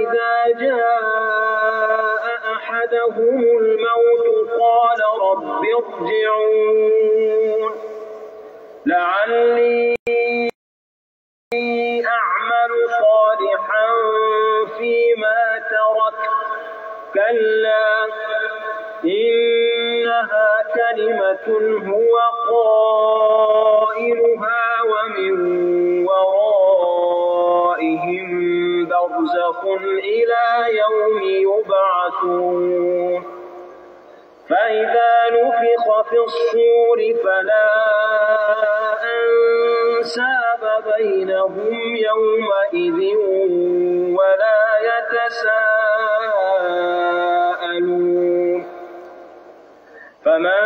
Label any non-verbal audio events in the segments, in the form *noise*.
إذا جاء أحدهم الموت قال رب ارجعون لعلي أعمل صالحا فيما ترك كلا إنها كلمة هو قائلها ومن وراء برزخ إلى يوم يبعثون فإذا نفخ في الصور فلا أنساب بينهم يومئذ ولا يتساءلون فمن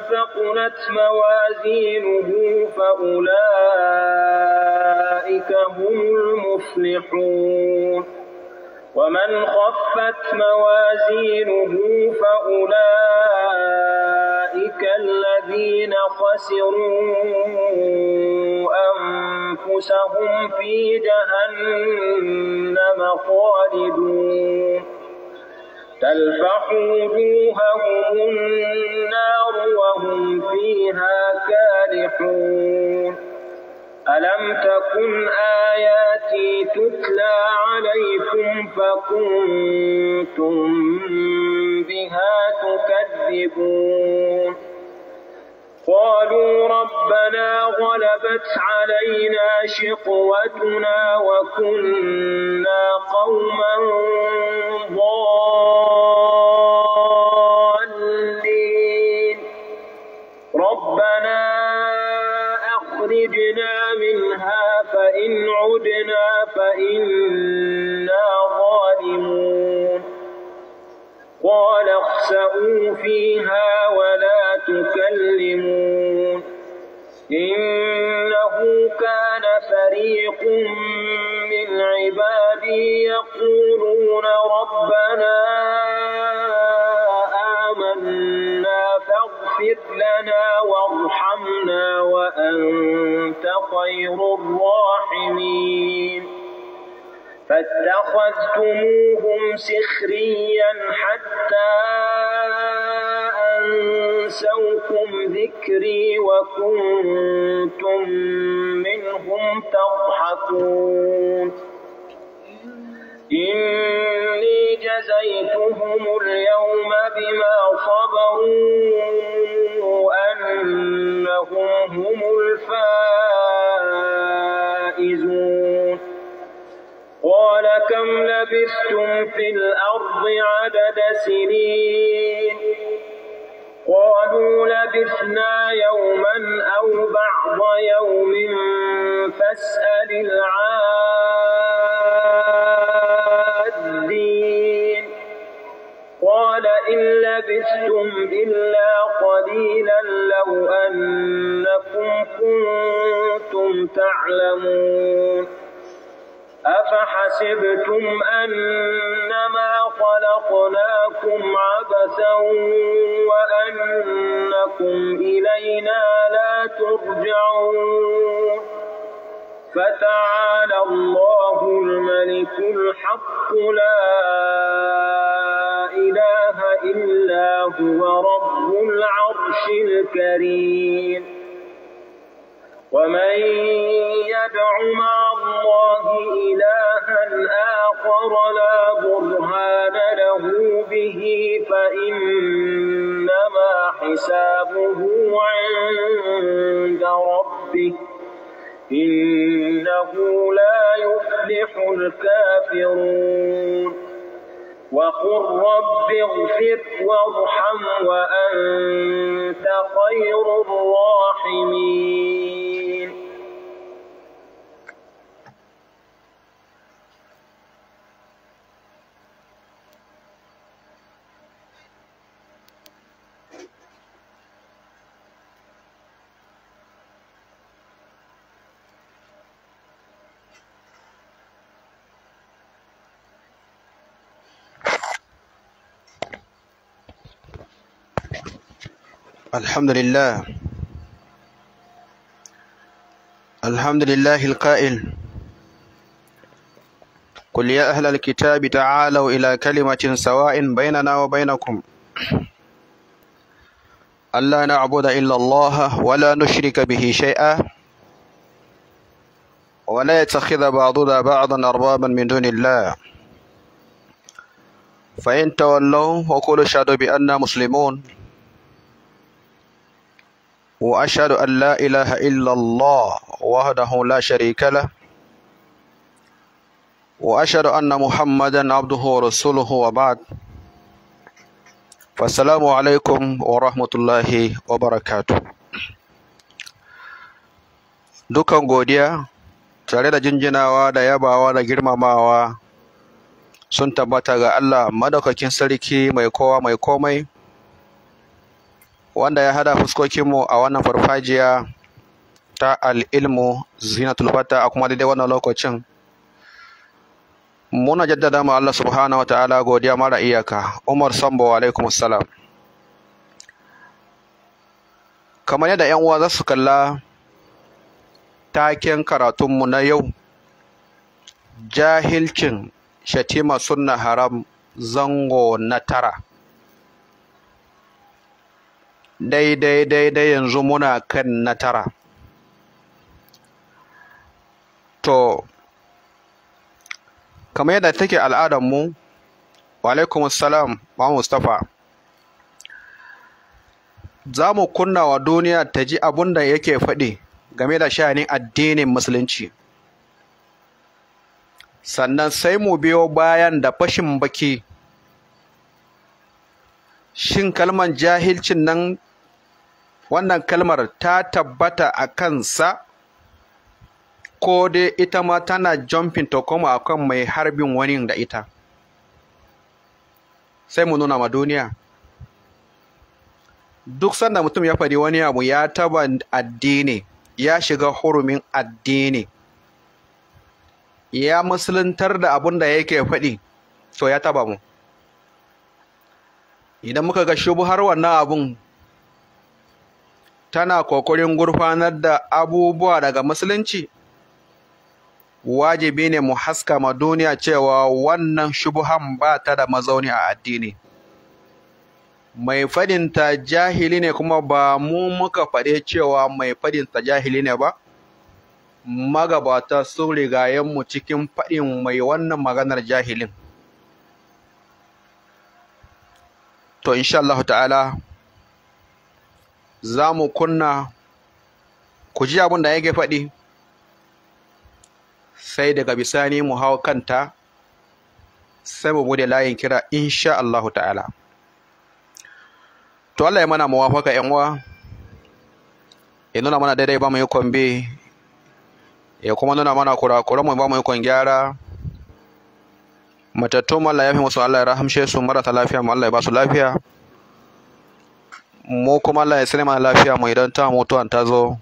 ثقلت موازينه فأولئك هم المفلحون ومن خفت موازينه فأولئك الذين خسروا أنفسهم في جهنم خالدون تلفح وجوههم النار وهم فيها كالحون ألم تكن آياتي تتلى عليكم فكنتم بها تكذبون قالوا ربنا غلبت علينا شقوتنا وكنا قوما ضالين ربنا أخرجنا منها فإن عدنا فإن قال اخسئوا فيها ولا تكلمون إنه كان فريق من عبادي يقولون ربنا آمنا فاغفر لنا وارحمنا وأنت خير الراحمين فاتخذتموهم سخريا حتى أنسوكم ذكري وكنتم منهم تضحكون إني جزيتهم اليوم بما صبروا أنهم هم لبثتم في الأرض عدد سنين قالوا لبثنا يوما أو بعض يوم فاسأل العادين قال إن لبثتم إلا قليلا لو أنكم كنتم تعلمون أفحسبتم أنما خلقناكم عبثا وأنكم إلينا لا ترجعون فتعالى الله الملك الحق لا إله إلا هو رب العرش الكريم ومن يدع مع الله إلها آخر لا برهان له به فإنما حسابه عند ربه إنه لا يفلح الكافرون وقل رب اغفر وارحم وأنت خير الراحمين الحمد لله الحمد لله القائل قل يا أهل الكتاب تعالوا إلى كلمة سواء بيننا وبينكم ألا نعبد إلا الله ولا نشرك به شيئا ولا يتخذ بعضنا بعضا أربابا من دون الله فإن تولوا وقولوا اشهدوا بأننا مسلمون وأشهد أن لا إله إلا الله وحده لا شريك له وأشهد أن محمدا عبده ورسوله وبعد فالسلام عليكم ورحمة الله وبركاته dukan godiya tare da jinjinawa da yabawa da girmamawa sun tabbata ga Allah madaukakin sarki mai kowa mai komai wanda ya hada fuskokinmu a wannan farfajiya ta al'ilmu zina fata a kuma daidai wannan lokacin muna jaddada ma Allah subhanahu Ta'ala godiya mara iyaka Umar Sambo alaikum salam kamar yadda yan uwa za su kalla taken karatunmu na yau jahilcin shatima sunna haram zango na tara daidai daidai yanzu muna kan na tara to kamar yadda take al'adarmu alaikum salam ba mustapha za mu kunna wa duniya ta ji abin da yake faɗi game da sha'anin addinin musulunci sannan sai mu biyo bayan da fashin baki shin kalman jahilcin nan wannan kalmar ta tabbata a kansa ko dai ita ma tana jumping to koma akan mai harbin wani da ita sai mu nuna ma duniya duk sanda mutum ya faɗi wani abu ya taba addini ya shiga hurumin addini ya musuluntar da abin da yake faɗi to ya taba mu idan muka ga har wannan abun tana kokarin gurfanar da abubuwa daga musulunci wajibi ne mu haska ma duniya cewa wannan shubuhan ba ta da mazauni a addini mai fadinta jahili ne kuma ba mu muka faɗe cewa mai fadinta jahili ne ba magabata sun rigayenmu cikin faɗin mai wannan maganar jahilin to insha Allah ta'ala za mu kunna ku ji abin da yake faɗi sai daga bisani mu hau kanta sai mu bude layin kira insha Allahu ta'ala to Allah ya mana muwafaka ƴan uwa ya nuna mana daidai ba mu yi kwambe ya kuma nuna mana kurakura mu ba mu yi kwan gyara matattun Allah ya fi musu Allah ya rahamshe su marasa lafiya mu Allah ya ba su lafiya mu kuma Allah ya sani mana lafiya mu idan ta mutuwan ta zo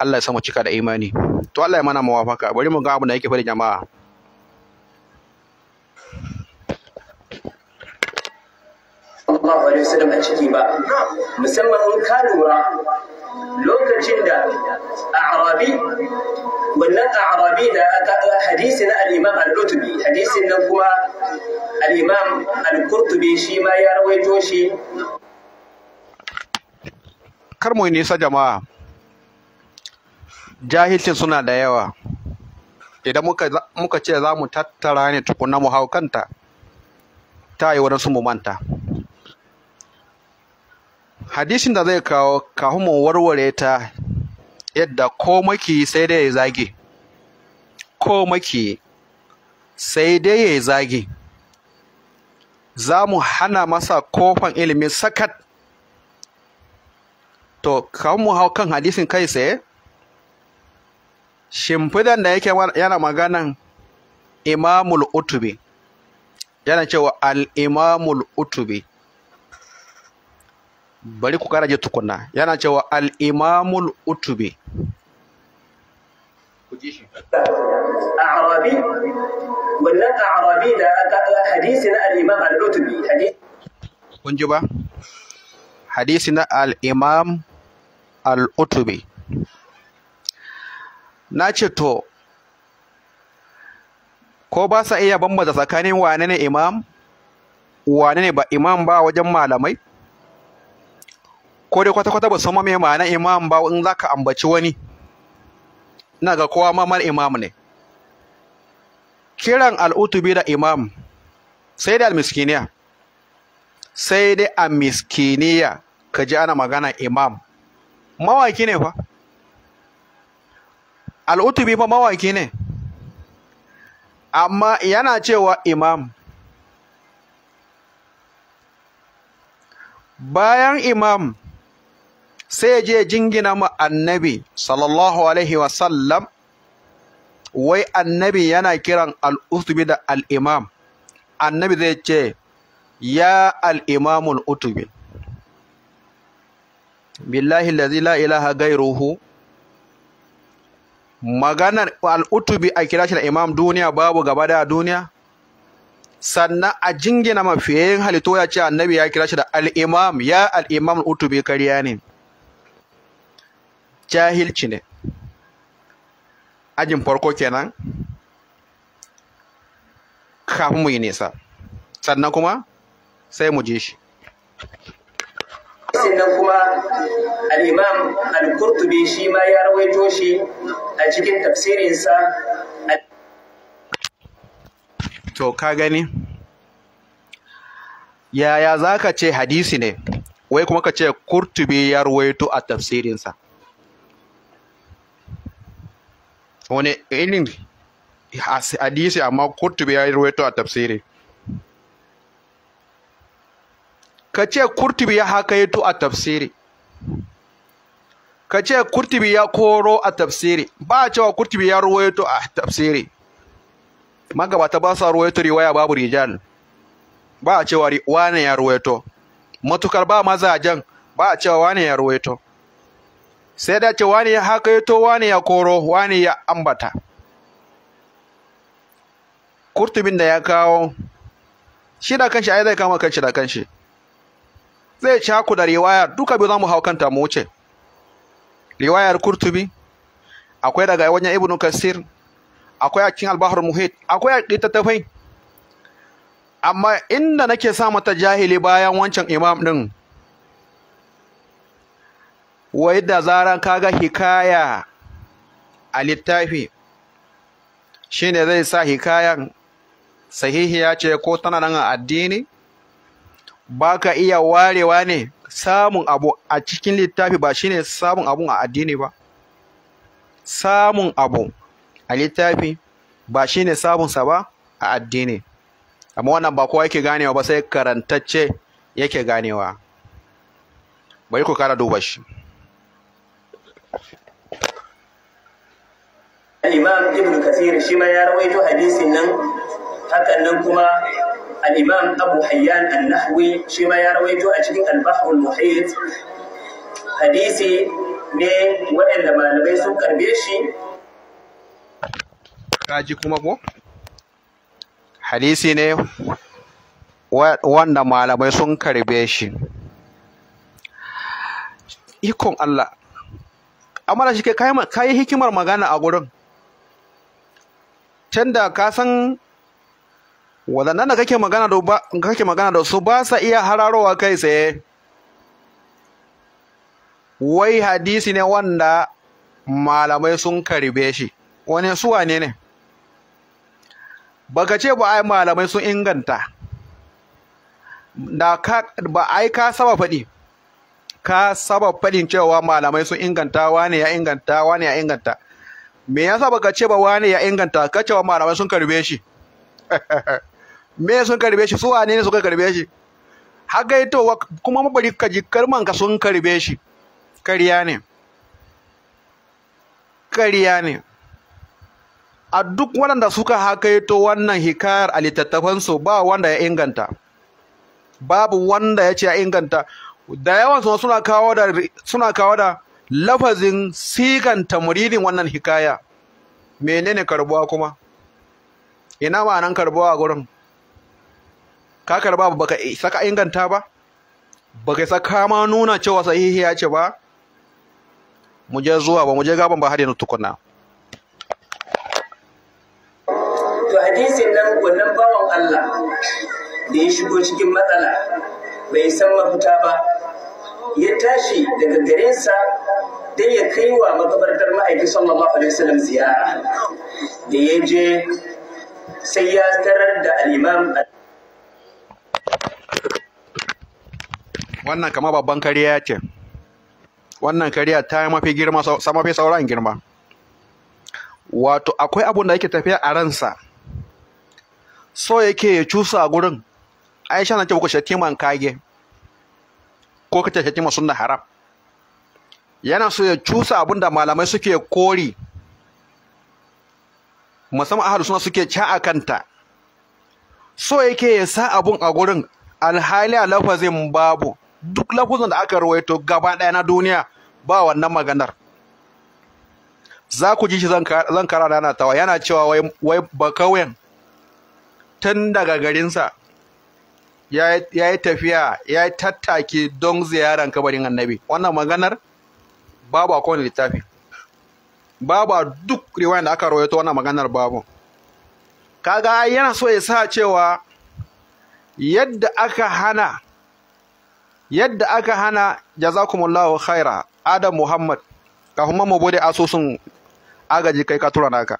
Allah ya samu cika da imani to Allah ya mana mawafaka bari mu ga abin da yake faɗi jama'a Allah bari su a ciki ba musamman in ka lura lokacin da a'rabi wannan a'rabi da hadisi na al-imam al-lutubi hadisin nan kuma al-imam al-qurtubi shi ma ya rawaito shi kar mu nisa jama'a jahilcin suna da yawa idan muka ce za mu tattara ne tukuna mu hau kanta ta yi wadansu mu manta Hadishin da zai kawo kahu mu warware ta yadda ko maki sai dai ya zagi, ko maki sai dai ya zage za mu hana masa kofan ilimin sakat to kawo mu hau kan hadisin kai tsaye shimfidan da yake yana maganan imamul utubi yana cewa al utubi bari ku kara je tukuna yana cewa al utubi أعرابي wannan أعرابي da hadisi na al al-utubi kun ji ba hadisi na al al'utubi na ce to ko ba sa iya bambanta tsakanin wane ne imam wane ne ba imam ba wajen malamai ko dai kwata-kwata ba sama mai ma'ana imam ba in za ka ambaci wani ina ga kowa mamar imam ne kiran al'utubi da imam sai da almiskiniya sai dai a miskiniya ka ji ana magana imam mawaki ne fa al'utubi fa mawaki ne amma yana cewa imam bayan imam sai je jingina ma annabi sallallahu alaihi wasallam wai annabi yana kiran al'utubi da al'imam annabi zai ce ya al'imamul utubi billahi lazi la ilaha gairuhu maganar al'utubi a kira shi da imam duniya babu gaba da duniya sannan a jingina mafiyayin halittu ya ce annabi ya kira shi da al'imam ya al'imam al'utubi kariya ne jahilci ne ajin farko kenan kafin mu yi nisa sannan kuma sai mu je shi sannan kuma al-imam al-qurtubi shi ma ya rawaito shi a cikin tafsirinsa to ka gani yaya za ka ce hadisi ne wai kuma ka ce kurtubi ya ruwaito a tafsirinsa wani irin hadisi amma kurtubi ya ruwaito a tafsirinsa ka ce kurtubi ya yato a tafsiri ka ce kurtubi ya koro a tafsiri ba a cewa kurtubi ya ruwaito a tafsiri magabata ba sa ruwaito riwaya babu rijal ba a cewa wane ya ruwaito matukar ba mazajen ba a cewa wane ya ruwaito sai da ce wane ya yato wane ya koro wane ya ambata kurtubin da ya kawo shi da kanshi ai zai kama kanshi da kanshi zai haku da riwaya duka biyu za mu hau kanta mu wuce riwayar kurtubi akwai daga wajen Ibn kasir akwai a cikin albahar muhit akwai a littattafai amma inda nake sa mata jahili bayan wancan imam ɗin, wai da zaran kaga hikaya a littafi Shi ne zai sa hikayan sahihiya ce ko tana nan a addini baka iya warewa ne samun abu a cikin littafi ba shine samun abu a addini ba samun abu a littafi ba shine samun sa ba a addini amma wannan ba kowa yake ganewa ba sai karantacce yake ganewa bari ku kara duba shi Imam Ibn Kathir shi ma ya rawaito hadisin nan hakan nan kuma al-imam abu hayyan an-nahwi ya rawaito a cikin al-bahr hadisi ne waɗanda malamai sun shi hadisi ne wanda malamai sun karbe shi ikon Allah amma shi kai hikimar magana a gurin can ka san waɗannan da kake magana da kake magana da su ba sa iya hararowa kai tsaye wai hadisi ne wanda malamai sun karbe shi wani su wane ne baka ce ba ai malamai sun inganta da ka ba ai ka saba faɗi ka saba faɗin cewa malamai sun inganta wane ya inganta wane ya inganta me yasa baka ce ba wane ya inganta ka cewa malamai sun karbe shi *laughs* me sun karbe shi su wane ne suka karbe shi haka yi kuma mabari ka ji karman ka sun karbe shi kariya ne kariya ne a duk waɗanda suka hakaito wannan hikayar a littattafansu ba wanda ya inganta babu wanda ya ce ya inganta da yawan su suna kawo da suna kawo da lafazin sigan tamridin wannan hikaya menene karbuwa kuma ina nan karbuwa a gurin ka karba ba ka saka inganta ba ba ka saka ma nuna cewa sahihi ya ce ba mu je zuwa ba mu je gaban ba har yanzu tukuna to hadisin nan wannan bawan Allah da ya shigo cikin matsala bai san mafita ba ya tashi daga garinsa don ya kai wa makabartar ma'aikatan sallallahu alaihi wasallam ziyara da ya je sai ya tarar da al wannan kama babban kariya ce wannan kariya ta yi mafi girma fi sauran girma wato akwai abun da yake tafiya a ransa so yake ya cusa a gurin aisha na ce ku shatiman kage ko kace shatima sunna haram yana so ya cusa abun da malamai suke kori musamman ahalu suna suke ca a kanta so yake ya sa abun a gurin alhali a lafazin babu duk lafuzan da aka rawaito gaba ɗaya na duniya ba wannan maganar za ku ji shi zan kara da tawa yana cewa wai bakawen tun daga garinsa ya yi tafiya ya yi tattaki don ziyaran kabarin annabi wannan maganar babu a kowane littafi babu duk riwaya da aka rawaito wannan maganar babu kaga yana so ya sa cewa yadda aka hana yadda aka hana jazakumullahu khaira adam muhammad ka kuma mu bude asusun agaji kai ka tura naka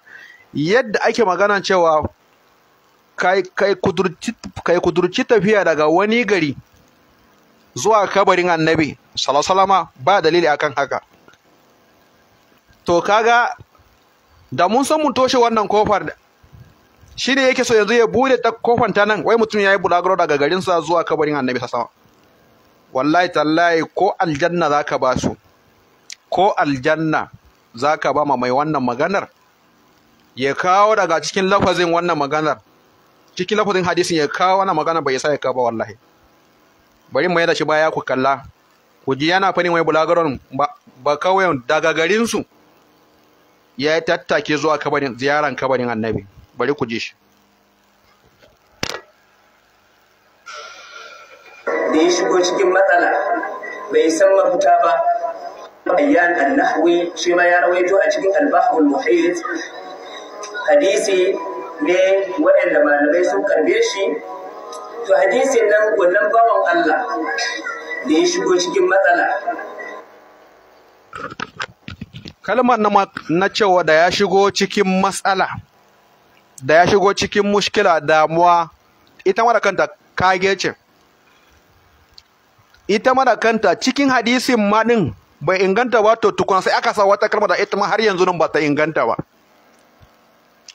yadda ake magana cewa kai kudurci tafiya daga wani gari zuwa kabarin annabi salasalama ba dalili akan haka to kaga da mun san mun toshe wannan kofar shi ne yake so yanzu ya bude ta kofar ta nan wai mutum ya yi bulaguro daga garinsa zuwa kabarin annabi sama wallahi tallahi ko aljanna za ka ba su ko aljanna za ka ba ma mai wannan maganar ya kawo daga cikin lafazin wannan maganar cikin lafazin hadisin ya kawo wannan maganar bai sa ya kawo ba wallahi bari mu yada shi baya ku kalla ku ji yana fani mai bulagaron ba kawai daga garinsu ya tattake zuwa kabarin ziyaran kabarin annabi bari ku ji shi da ya shigo cikin matsala bai san mafita ba bayan annahwi shi ma ya rawaito a cikin albahul muhayyiz hadisi ne waɗanda malamai sun karbe shi to hadisin nan wannan bawan Allah da ya shigo cikin matsala kalmar na cewa da ya shigo cikin matsala da ya shigo cikin mushkila damuwa ita mara kanta kage ce ita mana kanta cikin hadisin ma din bai inganta ba to tukun sai aka sa wata kalma da ita ma har yanzu nan ba ta inganta ba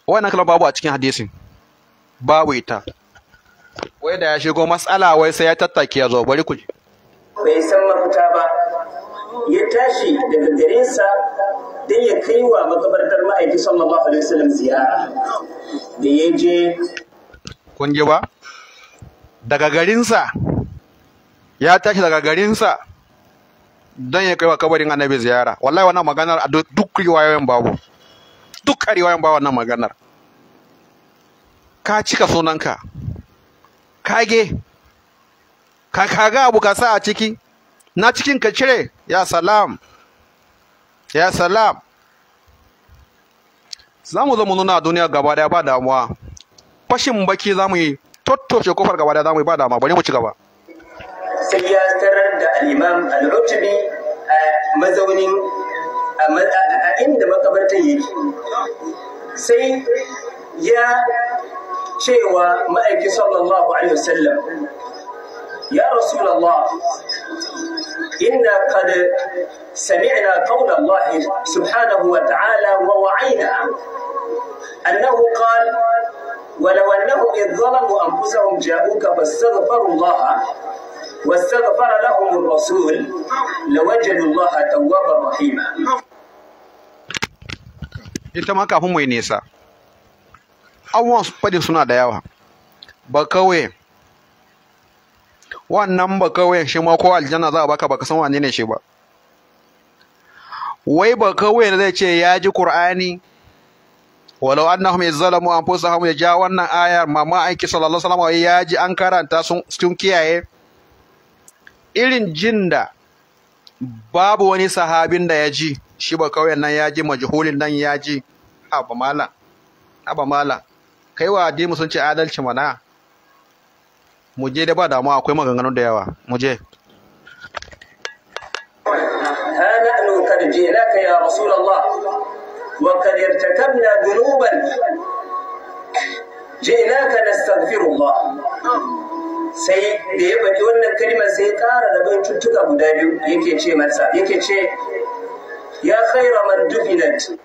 wannan kalma babu a cikin hadisin babu ita wai da ya shigo matsala wai sai ya tattake ya zo bari ku bai san mafita ba ya tashi daga garinsa don ya kai wa makabartar ma'aiki sallallahu alaihi wasallam ziyara da ya je kun ji ba daga garinsa ya tashi daga garinsa don ya kai wa kabarin annabi ziyara wallahi wannan maganar a duk riwayoyin babu duk riwayoyin babu wannan maganar ka cika sunanka kage ka kaga abu ka sa a ciki na cikin ka cire ya salam ya salam za mu zo mu nuna duniya gaba daya ba damuwa fashin baki za mu yi tottoshe kofar gaba daya za mu yi ba damuwa bari mu ci gaba sai ya tarar da al'imam al'utubi a mazaunin a inda makabartan yake sai ya cewa ma'aiki sallallahu alaihi wasallam ya rasulallah inna qad sami'na qawla Allah subhanahu wa ta'ala wa wa'ayna annahu qala ولو أنهم إذ ظلموا أنفسهم جاءوك فاستغفروا الله واستغفر لهم الرسول لوجدوا الله توابا رحيما ita ma kafin mai nesa abubuwan faɗi suna da yawa ba kawai wannan ba kawai shi ma ko aljanna za a baka baka san wane ne shi ba wai ba kawai zai ce ya ji qur'ani walau an fusa hamu ya ja wannan ayar mama aiki sallallahu alaihi wasallam ya ji an karanta sun kiyaye irin jin da babu wani sahabin da ya ji shi ba kauyen nan ya ji majhulin nan ya ji haba mala haba mala kai wa addini sun ce adalci mana mu je da ba damuwa akwai maganganun da yawa mu je ha nahnu kad jinaka ya rasul allah wa kad irtakabna dhunuban jinaka nastaghfirullah sai da ya baki wannan kalmar sai ƙara rabon cututtuka guda biyu yake ce masa yake ce ya khaira man dufinat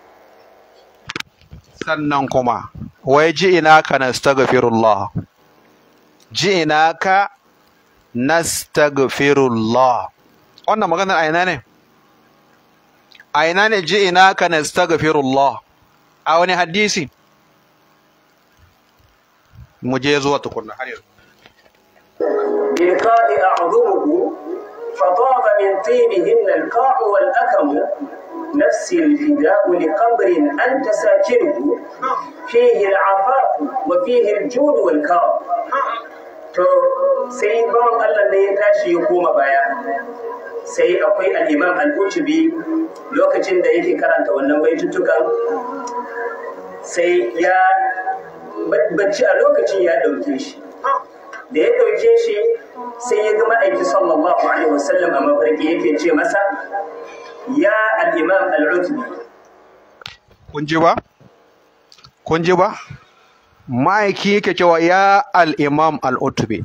sannan kuma wai ji ina ka nastaghfirullah ji ina ka nastaghfirullah wannan maganar aina ne aina ne ji ina ka nastaghfirullah a wani hadisi mu je zuwa tukunna har yanzu بلقاء أعظمه فطاب من طيبهن القاع والأكم نفسي الفداء لقبر أنت ساكنه فيه العفاء وفيه الجود والكرم تو سيد بون قال لنا يتاشي يقوم بايا سي أقوي الإمام القرطبي لو كتن دايكي كرانتا ونم بيتتوكا سي يا بتشي ألو كتن يا دوكيشي دي دوكيشي sai ya ga ma'aiki sallallahu alaihi wasallam a mafarki yake ce masa ya al-imam al-utbi kun ji ba kun ji ba ma'aiki yake cewa ya al-imam al-utbi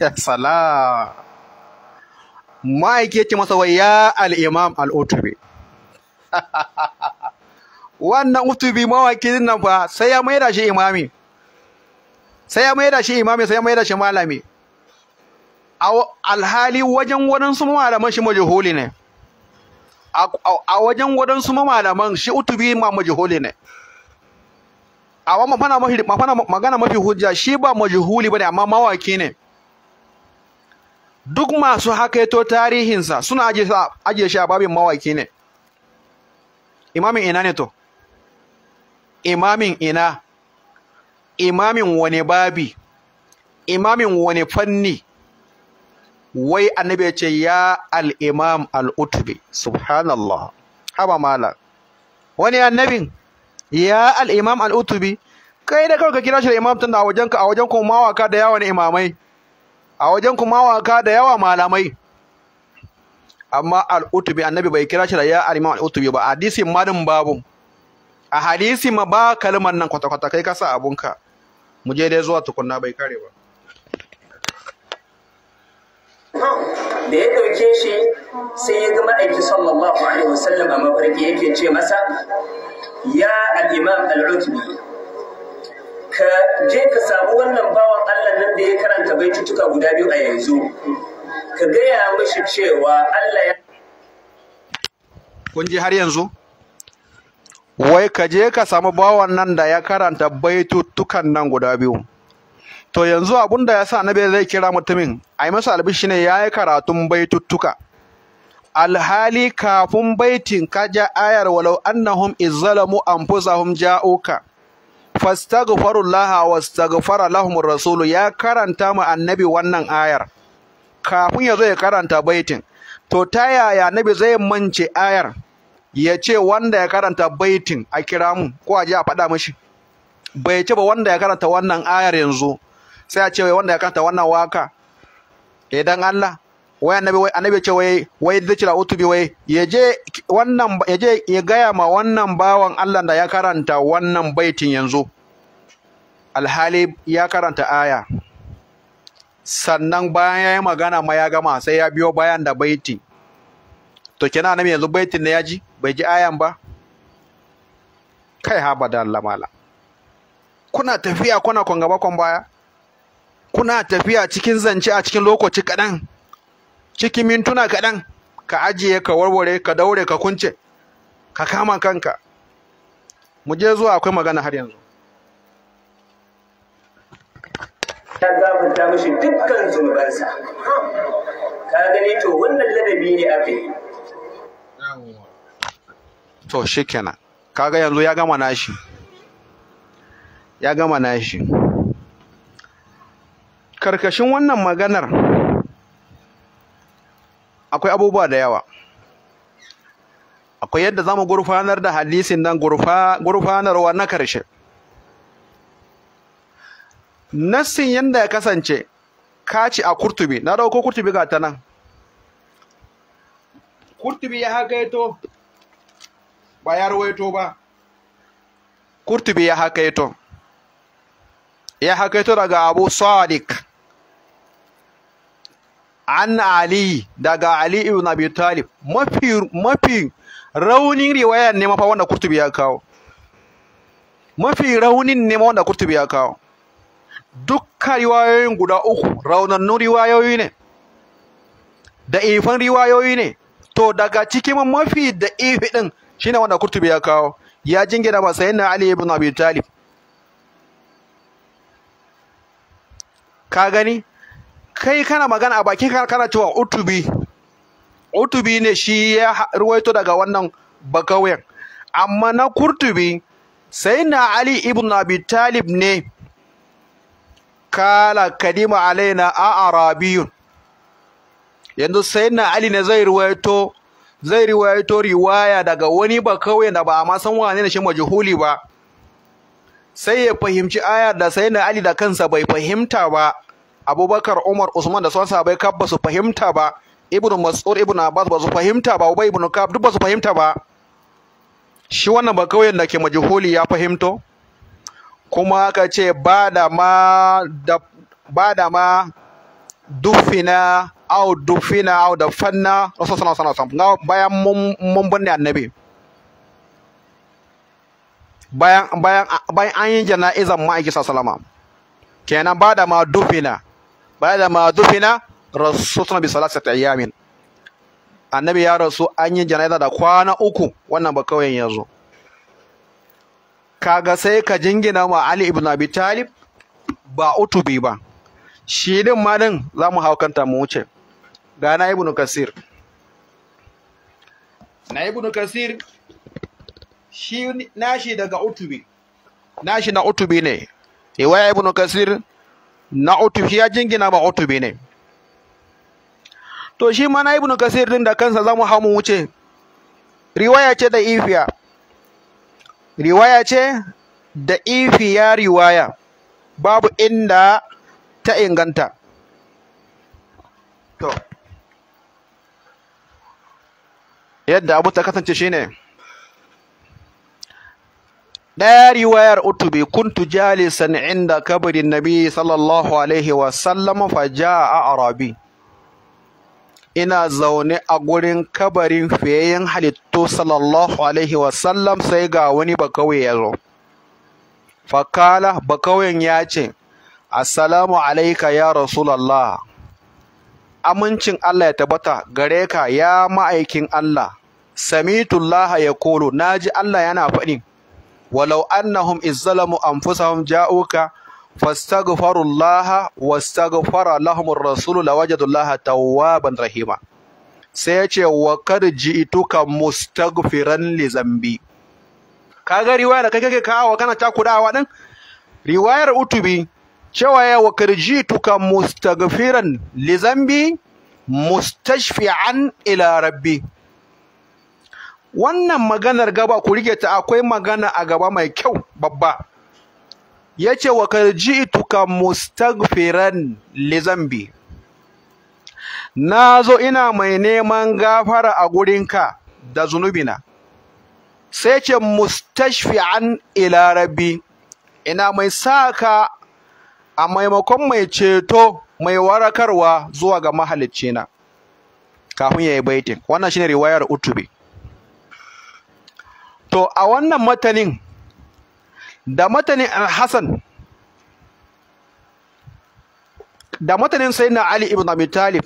ya sala ma'aiki yake masa wa ya al-imam al-utbi *laughs* wannan utubi mawaki nan ba sai ya maida shi imami sai ya maida shi imami sai ya maida shi malami alhali wajen waɗansu malaman shi majahuli ne a wajen waɗansu malaman shi utubi ma majahuli ne a wa mafana magana mafi hujja shi ba majahuli ne, amma mawaki ne duk masu to tarihinsa suna ajiye shi a babin mawaki ne imamin ina ne to imamin ina imamin wani babi imamin wani fanni wai annabi ya ce ya al-imam al-utbi subhanallah haba malam wani annabin ya al-imam al-utbi kai da kawai ka kira shi da imam tunda a wajen ka a wajen ku mawaka da yawan imamai a wajen ku mawaka da yawa malamai amma al-utbi annabi bai kira shi da ya al-imam al-utbi ba hadisi madin babu a hadisi ma ba kalmar nan kwata-kwata kai ka sa abunka mu je dai zuwa tukunna bai kare ba da ya ɗauke shi sai ya ga aiki sallallahu alaihi wasallam a mafarki yake ce masa ya al’imam al’utubi ka je ka samu wannan bawan Allah nan da ya karanta cutuka guda biyu a yanzu ka gaya mashi cewa Allah ya kun ji har yanzu wai ka je ka samu bawan nan da ya karanta baitutukan nan guda biyu to yanzu abun da ya sa annabi zai kira mutumin a yi masa albishi ne ya yi karatun baituttuka alhali kafin baitin ka ja ayar walau annahum izzalamu anfusahum ja'uka fastaghfirullaha wastaghfara lahum rasulu ya karanta mu annabi wannan ayar kafin ya zo ya karanta baitin to ta yaya annabi zai mance ayar ya ce wanda ya karanta baitin a kira mu ko a ji a faɗa mashi bai ce ba wanda ya karanta wannan ayar yanzu sai a ce wai wanda ya kanta wannan waka idan Allah wai annabi wai annabi ce wai wai zikra utubi wai je wannan je ya gaya ma wannan bawan Allah da ya karanta wannan baitin yanzu alhali ya karanta aya sannan bayan ya yi magana ma ya gama sai ya biyo bayan da baiti to kina annabi yanzu baitin ne ya ji bai ji ayan ba kai ha da Allah mala kuna tafiya kuna kon gaba kon baya kuna tafiya cikin zance a cikin lokaci kaɗan cikin mintuna kaɗan ka ajiye ka warware ka daure ka kunce ka kama kanka mu je zuwa akwai magana har yanzu ta gafarta mishi dukkan zumbarsa, ka gani to wannan ladabi ne a yi to shikenan kaga yanzu ya gama nashi ya gama nashi karkashin wannan maganar akwai abubuwa da yawa akwai yadda za mu gurfanar da hadisin nan gurfanarwa na karshe nassin yadda ya kasance kaci a kurtubi na dauko kurtubi ga ta nan kurtubi ya hakaito ba ya ruwaito ba kurtubi ya hakaito ya hakaito daga abu sadiq an ali daga ali ibn abi talib mafi mafi raunin riwayar ne mafa wanda kurtubi ya kawo mafi raunin ne wanda kurtubi ya kawo dukkan riwayoyin guda uku raunannun riwayoyi ne da ifan riwayoyi ne to daga cikin mafi da ifi din shine wanda kurtubi ya kawo ya jingina ba sayyidina ali ibn abi talib ka gani kai kana magana a bakin ka kana cewa utubi utubi ne shi ya ruwaito daga wannan bakawen amma na kurtubi sai na ali ibn abi talib ne kala kadima alaina a arabiyun yanzu sai na ali ne zai ruwaito zai ruwaito riwaya daga wani bakauyen da ba a masan san wane ne shi majhuli ba sai ya fahimci aya da sai na ali da kansa bai fahimta ba abubakar umar usman da sauran sahabbai kaf ba su fahimta ba ibnu mas'ud ibnu abbas ba su fahimta ba ubay ibnu kaf duk ba su fahimta ba shi wannan ba kawai da ke majhuli ya fahimto kuma aka ce ba da ma da ba da ma dufina au dufina au da fanna rasul sallallahu alaihi wasallam bayan mun mun binne annabi bayan bayan bayan an yi jana'izan ma'aikisa salama kenan ba da ma dufina bada ma dufina rasulun bi salasati ayamin annabi ya rasu anyi yi janaiza da kwana uku wannan ba kauyen ya zo kaga sai ka jingina ma ali ibn abi talib ba utubi ba shi din ma din za mu haukanta mu wuce ga na ibn kasir na ibn kasir shi nashi daga utubi nashi na utubi ne riwaya ibn kasir na utub hiya ya jingina ma utubi ne to shi mana ibnu kasir din da kansa zamu mu wuce riwaya ce da ifiya riwaya ce da ifiya riwaya babu inda ta inganta to yadda abu ta kasance shine ne ɗaya riwayar utube kuntu jalisan inda kabarin nabi sallallahu alaihi wasallam fa a arabi ina zaune a gurin kabarin fiyayyen halittu sallallahu alaihi wasallam sai ga wani bakawai ya zo fakala bakawayen ya ce assalamu alaika ya rasulallah amincin Allah ya tabbata gare ka ya ma'aikin Allah Tullaha ya kolo na ji Allah yana faɗi walau annahum izzalamu anfusahum ja'uka fastaghfirullaha wastaghfara lahum ar-rasulu lawajadullaha tawwaban rahima sai yace wa kad ji'tuka mustaghfiran li zambi kaga riwaya da kake kawo kana takudawa din riwayar utubi cewa ya wa kad ji'tuka mustaghfiran li zambi mustashfi'an ila rabbi wannan maganar gaba ku rike ta akwai magana a gaba mai kyau babba Ya ce wa ituka mustagfiran lizambi Na zo ina mai neman gafara a gurinka da zunubina sai ce mustashfi'an ila rabbi ina mai saka a maimakon mai ceto mai warakarwa zuwa ga mahaliccina kafin yayi baitin wannan shine riwayar utubi to a wannan matanin da matanin al Hassan, da matanin sayyidina ali ibn abi talib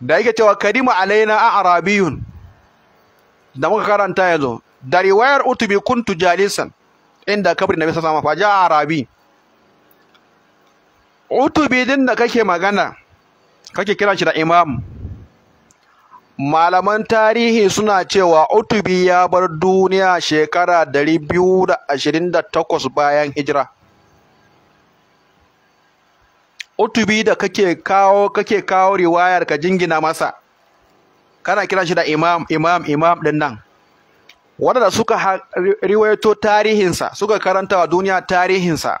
da yake cewa karima alaina a arabiyun da muka karanta yanzu da riwayar utubi kuntu jalisan inda kabrin nabi sallallahu alaihi ja arabi utubi din da kake magana kake kiran shi da imam malaman tarihi suna cewa utubi ya bar duniya shekara 228 bayan hijira utubi da kake kawo kake kawo riwayar ka jingina masa kana kira shi da imam imam imam din nan waɗanda suka riwayato tarihinsa suka karanta wa duniya tarihinsa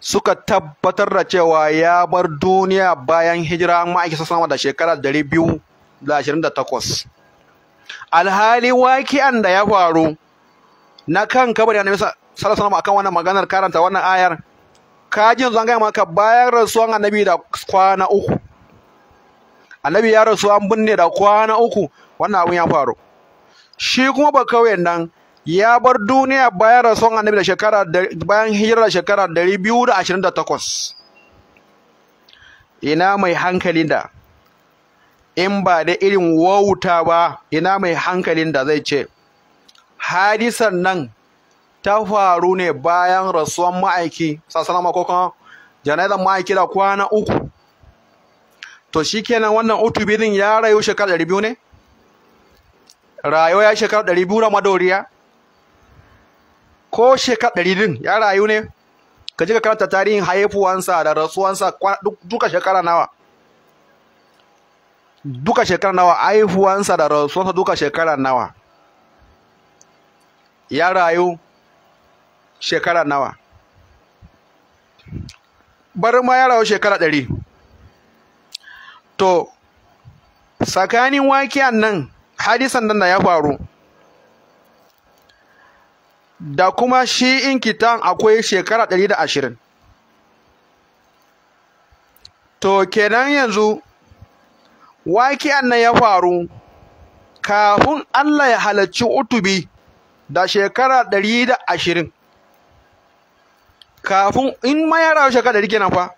suka tabbatar da cewa ya bar duniya bayan hijira ma'aikisa sama da shekara takwas. alhali waki'an da ya faru na kan kabari annabi sallallahu alaihi akan wannan maganar karanta wannan ayar kajin zan gaya maka bayan rasuwan annabi da kwana uku annabi ya rasu an binne da kwana uku wannan abun ya faru shi kuma ba kawai nan ya bar duniya bayan rasuwan annabi da shekara bayan hijira shekara 228 ina mai hankalin da in ba da irin wauta ba ina mai hankalin da zai ce hadisan nan ta faru ne bayan rasuwan ma'aiki sassanar makokan kuma ma'aiki da kwana uku to shi kenan wannan utubi ya rayu shekara 200 ne rayuwa ya shekara 200 na madoriya ko shekara ɗari din ya rayu ne ka ji ka karanta tarihin haifuwansa da rasuwansa duka shekara nawa duka shekara nawa haifuwansa da rasuwansa duka shekara nawa ya rayu shekara nawa bari ma ya rayu shekara ɗari to tsakanin wakiyan nan hadisan nan da ya faru da kuma shi in kitan akwai shekara ɗari da ashirin to kenan yanzu waƙiyan nan ya faru kafin Allah ya halarci utubi da shekara ɗari da ashirin kafin in ma ya rayu shekara ɗari kenan fa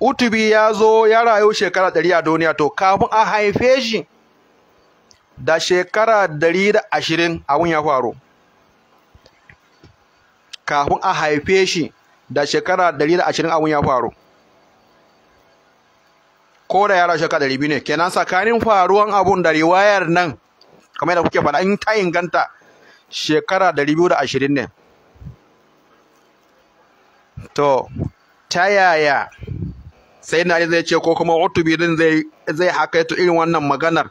utubi ya zo ya rayu shekara ɗari a duniya to kafin a haife shi da shekara ɗari da ashirin abun ya faru kafin a haife shi da shekara 120 abun ya faru ko da yara shekara biyu ne kenan tsakanin faruwan abun da riwayar nan kamar yadda kuke faɗa in ta inganta shekara ashirin ne to ta yaya sai na zai ce ko kuma wata din zai haka yato irin wannan maganar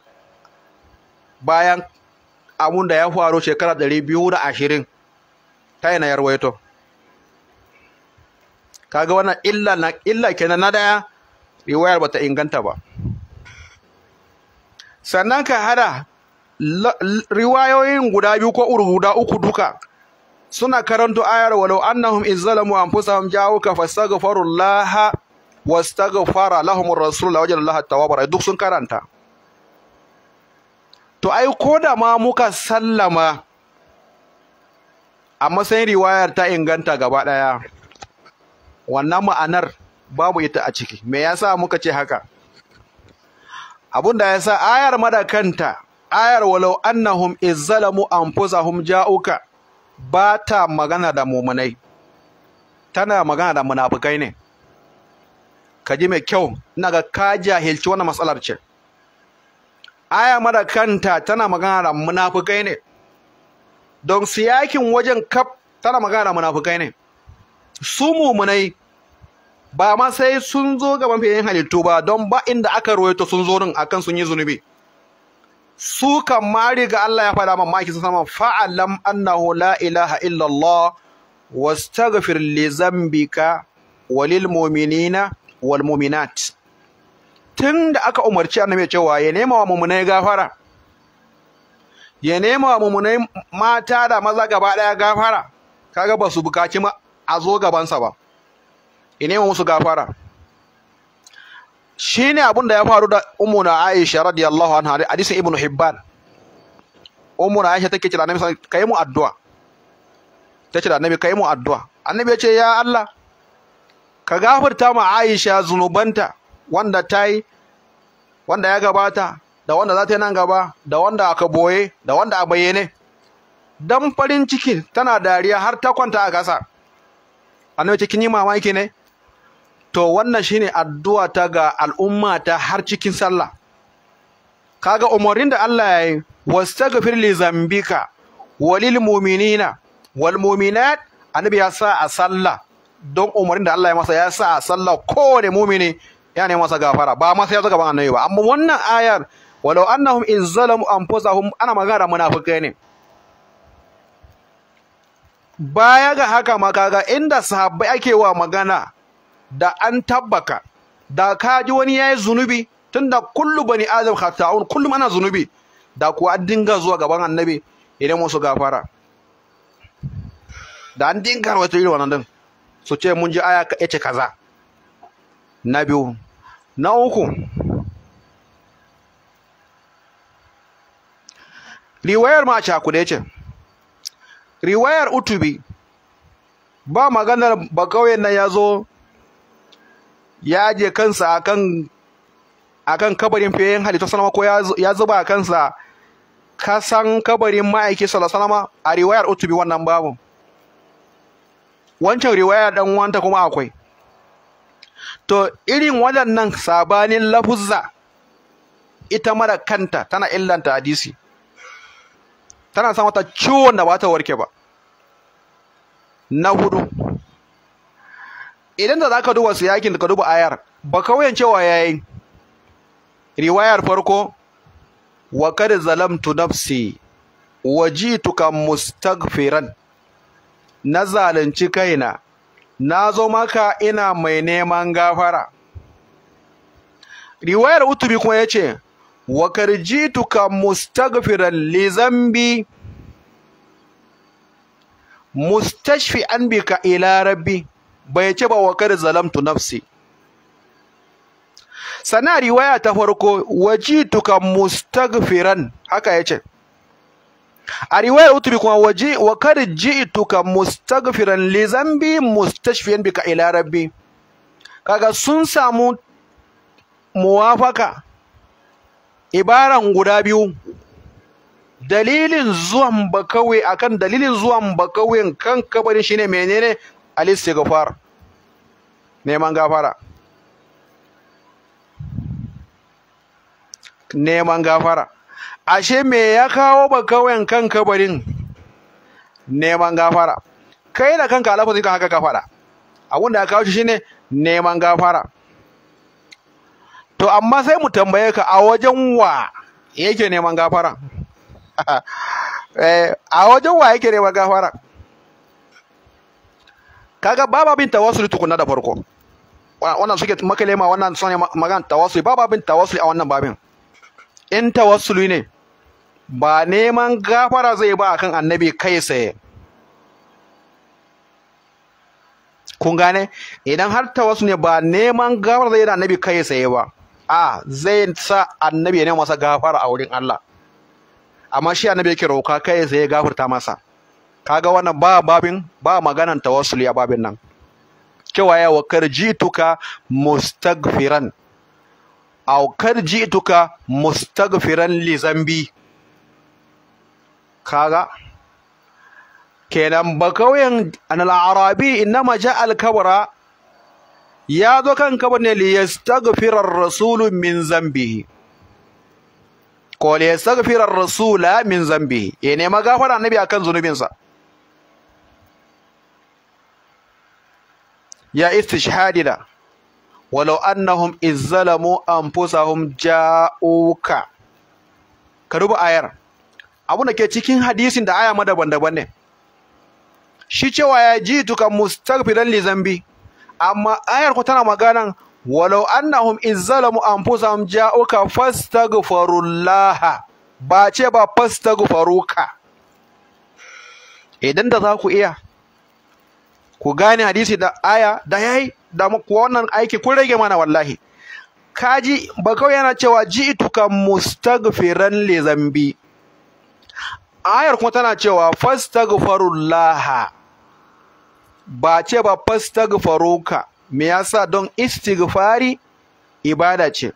bayan abun da ya faru shekara ashirin. ta yana yarwaito kaga wannan illa na illa kenan na daya riwayar bata inganta ba sannan ka hada riwayoyin guda biyu ko guda uku duka suna karanto ayar walau annahum izzalamu anfusahum ja'uka fastaghfirullaha wastaghfara lahum ar-rasul wajala Allah at-tawwab duk sun karanta to ai ko da ma muka sallama a matsayin riwayar ta inganta gaba ɗaya wannan ma'anar babu ita a ciki me yasa muka ce haka abunda da yasa ayar mada kanta ayar walau annahum izzalamu anfusahum ja'uka ba ta magana da mumunai tana magana da munafukai ne ka ji mai kyau ina ga ka jahilci wannan matsalar ce aya mara kanta tana magana da munafukai ne don su yakin wajen kaf tana magana munafukai ne su mumunai ba ma sai sun zo gaban fiyayen halittu ba don ba inda aka ruwaito sun zo din akan sun yi zunubi su kan ma riga Allah ya faɗa mamaki sun sama fa'alam annahu la ilaha illallah wastaghfir li zambika walil mu'minina wal tun da aka umarci annabi cewa ya nema wa mumunai gafara ya nema wa mummunai mata da maza gaba ɗaya gafara kaga ba su bukaci a zo gabansa ba ya nema musu gafara shi ne abin da ya faru da umuna aisha radiyallahu anha hadisin ibn hibban umuna aisha take kira annabi yi mu addu'a ta ce da "Ka yi mu addu'a annabi ya ce ya Allah ka gafarta ma aisha zunubanta wanda ta yi wanda ya gabata da wanda za ta yi nan gaba da wanda aka boye da wanda a bayyane dan farin ciki tana dariya har ta kwanta a ƙasa annabi cikin yi mamaki ne to wannan shine addu'a ta ga al'umma ta har cikin sallah kaga umarnin da Allah ya yi wastaghfir li zambika walil mu'minina wal mu'minat annabi ya sa a sallah don umarnin da Allah ya masa ya sa a sallah kowane mu'mini ya ne masa gafara ba masa ya zo gaban annabi ba amma wannan ayar walau annahum in zalamu anfusahum ana magana da munafikai ne baya ga haka ma kaga inda sahabbai ake wa magana da an tabbaka da ka ji wani yayi zunubi tunda kullu bani adam khata'un ana zunubi da ku an dinga zuwa gaban annabi idan wasu gafara da an dinga rawaito irin wannan din su ce mun ji aya ya ce kaza na biyu na uku riwayar ma a ce riwayar utubi ba maganar bakauyen nan ya zo ya je kansa akan akan kabarin fiyayen halittu salama ko ya zuba kansa kasan kabarin ma'aiki salama a riwayar utubi wannan babu wancan riwayar dan wanta kuma akwai to irin waɗannan sabanin lafuzza ita mara kanta tana illanta hadisi tana sa mata ciwon da ba ta warke ba na hudu idan da za ka duba su da ka duba ayar ba kawai cewa yayi riwayar farko wa zalam zalamtu nafsi wa jituka mustaghfiran na zalunci kaina na zo maka ina mai neman gafara riwayar utubi kuma ya ce. wa tuka mustaghfiran li zambi mustashfi an bi ka ila rabbi bai ce ba wa kar zalamtu nafsi sana riwaya ta farko tuka mustaghfiran haka ya ce. a riwayar utubi kuma waji wa kar ji'tuka mustaghfiran li zambi mustashfiyan ka ila rabbi kaga sun samu muwafaka ibaran guda biyu dalilin zuwan bakawe akan dalilin zuwan bakawen kan kabarin shine menene al gafar neman gafara neman gafara ashe me ya kawo bakawen kan kabarin neman gafara kai da kanka alafazin kan haka ka faɗa abin da ya kawo shi shine neman gafara to amma sai mu tambaye ka a wajen wa yake neman gafara *laughs* eh, a wajen wa yake neman gafara kaga ba babin tawassuli tukuna da farko wannan suke makalema wannan sune magan tawassuli ba babin tawassuli a wannan babin in tawassuli ne ba neman gafara zai ba akan annabi kai tsaye kun gane idan har tawassuli ne ba neman gafara zai da annabi kai tsaye ba a zai sa annabi ya nema masa gafara a wurin Allah amma shi annabi yake roka kai zai gafarta masa kaga wannan ba babin ba maganan tawassul ya babin nan cewa ya wa karjituka mustaghfiran aw karjituka mustaghfiran li zambi kaga kenan ba kauyen an al-arabi al-kabra ya zo kan kaba ne li yastaghfira ar-rasul min zambihi ko li yastaghfira ar-rasul min zambihi ya nema gafara annabi akan zunubinsa ya istishhadi da walau annahum izzalamu anfusahum ja'uka ka rubu ayar abun da ke cikin hadisin da aya madaban-daban ne shi cewa ya ji tukan mustaghfiran li zambi amma ayar ku tana maganan walau annahum izzalamu anfusahum ja'uka fastaghfirullah ba ce ba fastaghfiruka idan da za ku iya ku gane hadisi da aya da yayi da kuwa wannan aiki kun rage mana wallahi kaji ba kawai yana cewa ji'tuka mustaghfiran li zambi ayar kuma tana cewa fastaghfirullah ba ce ba ka, me yasa don istighfari ibada ce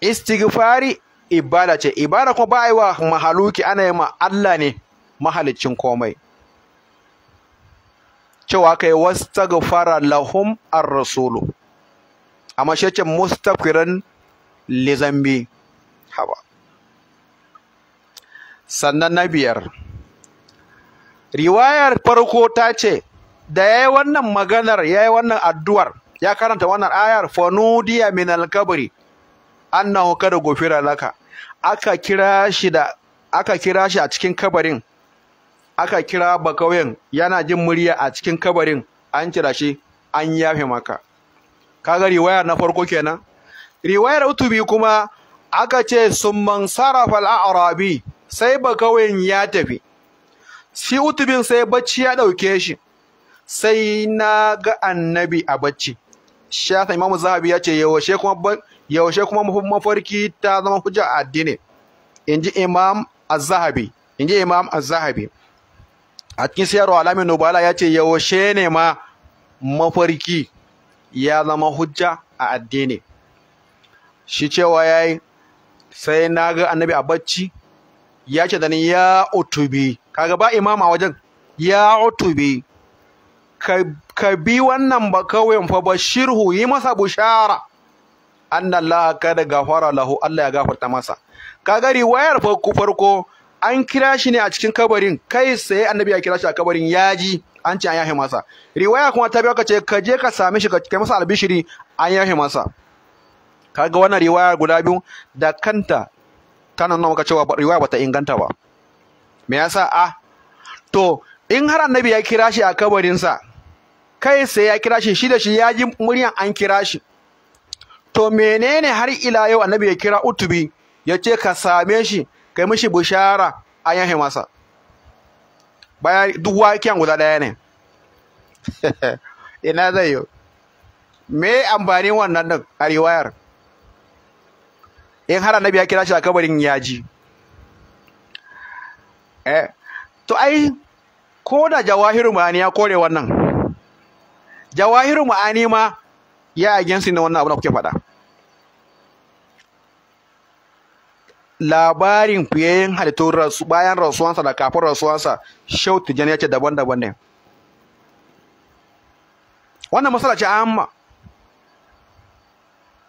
istighfari ibada ce ibada kuma ba yi wa mahaluki ana yi ma Allah ne mahalicin komai cewa kai wastaghfara lahum ar-rasulu amma shi ce mustaghfiran li zambi haba sannan na biyar riwayar farko ta ce da ya yi wannan maganar ya yi wannan addu'ar ya karanta wannan ayar fanudiya min alkabri hukar kada gofira laka aka kira shi aka a cikin kabarin aka kira bakauyen yana jin murya a cikin kabarin an kira shi an yafe maka kaga riwaya na farko kenan riwayar utubi kuma aka ce summan sarrafa al'arabi sai bakauyen ya tafi shi utubin sai bacci ya ɗauke shi sai na ga annabi a bacci shafa imamu zahabi ya ce yaushe kuma yaushe kuma mafarki ta zama hujja a addini inji imam inji imam a zahabi a cikin siyarwa alamin nubala ya ce yaushe ne ma mafarki ya zama hujja a addini shi cewa ya yi sai na ga annabi a bacci ya ce da ni ya utubi kaga ba imama wajen ya utubi ka bi wannan ba kawai fa bashirhu yi masa bushara annallaha kada gafara lahu Allah ya gafarta masa kaga riwayar farko farko an kira shi ne a cikin kabarin kai sai annabi ya kira shi a kabarin yaji an ce an yahe masa riwaya kuma ta biyo kace ka je ka same shi ka kai masa albishiri an yahe masa kaga wannan riwaya guda biyu da kanta tana nuna maka cewa riwaya bata inganta ba me yasa a ah, to in har annabi ya kira shi a kabarinsa kai sai ya kira shi shi da shi ya ji muryan an kira shi to menene har ila yau annabi ya kira utubi ya ce ka same shi kai mishi Bushara. an yahe masa bayan duk wakiyan guda ɗaya ne *laughs* ina zai yi me amfanin wannan din a riwayar in har annabi ya kira shi a kabarin yaji eh to ai ko da jawahiru ne ya kore wannan jawahiru ma'ani ma ya agensi na wannan abin da kuke faɗa labarin fiyayen halittun bayan rasuwansa da kafin rasuwansa shau tijjani yake daban-daban ne wannan matsala ce amma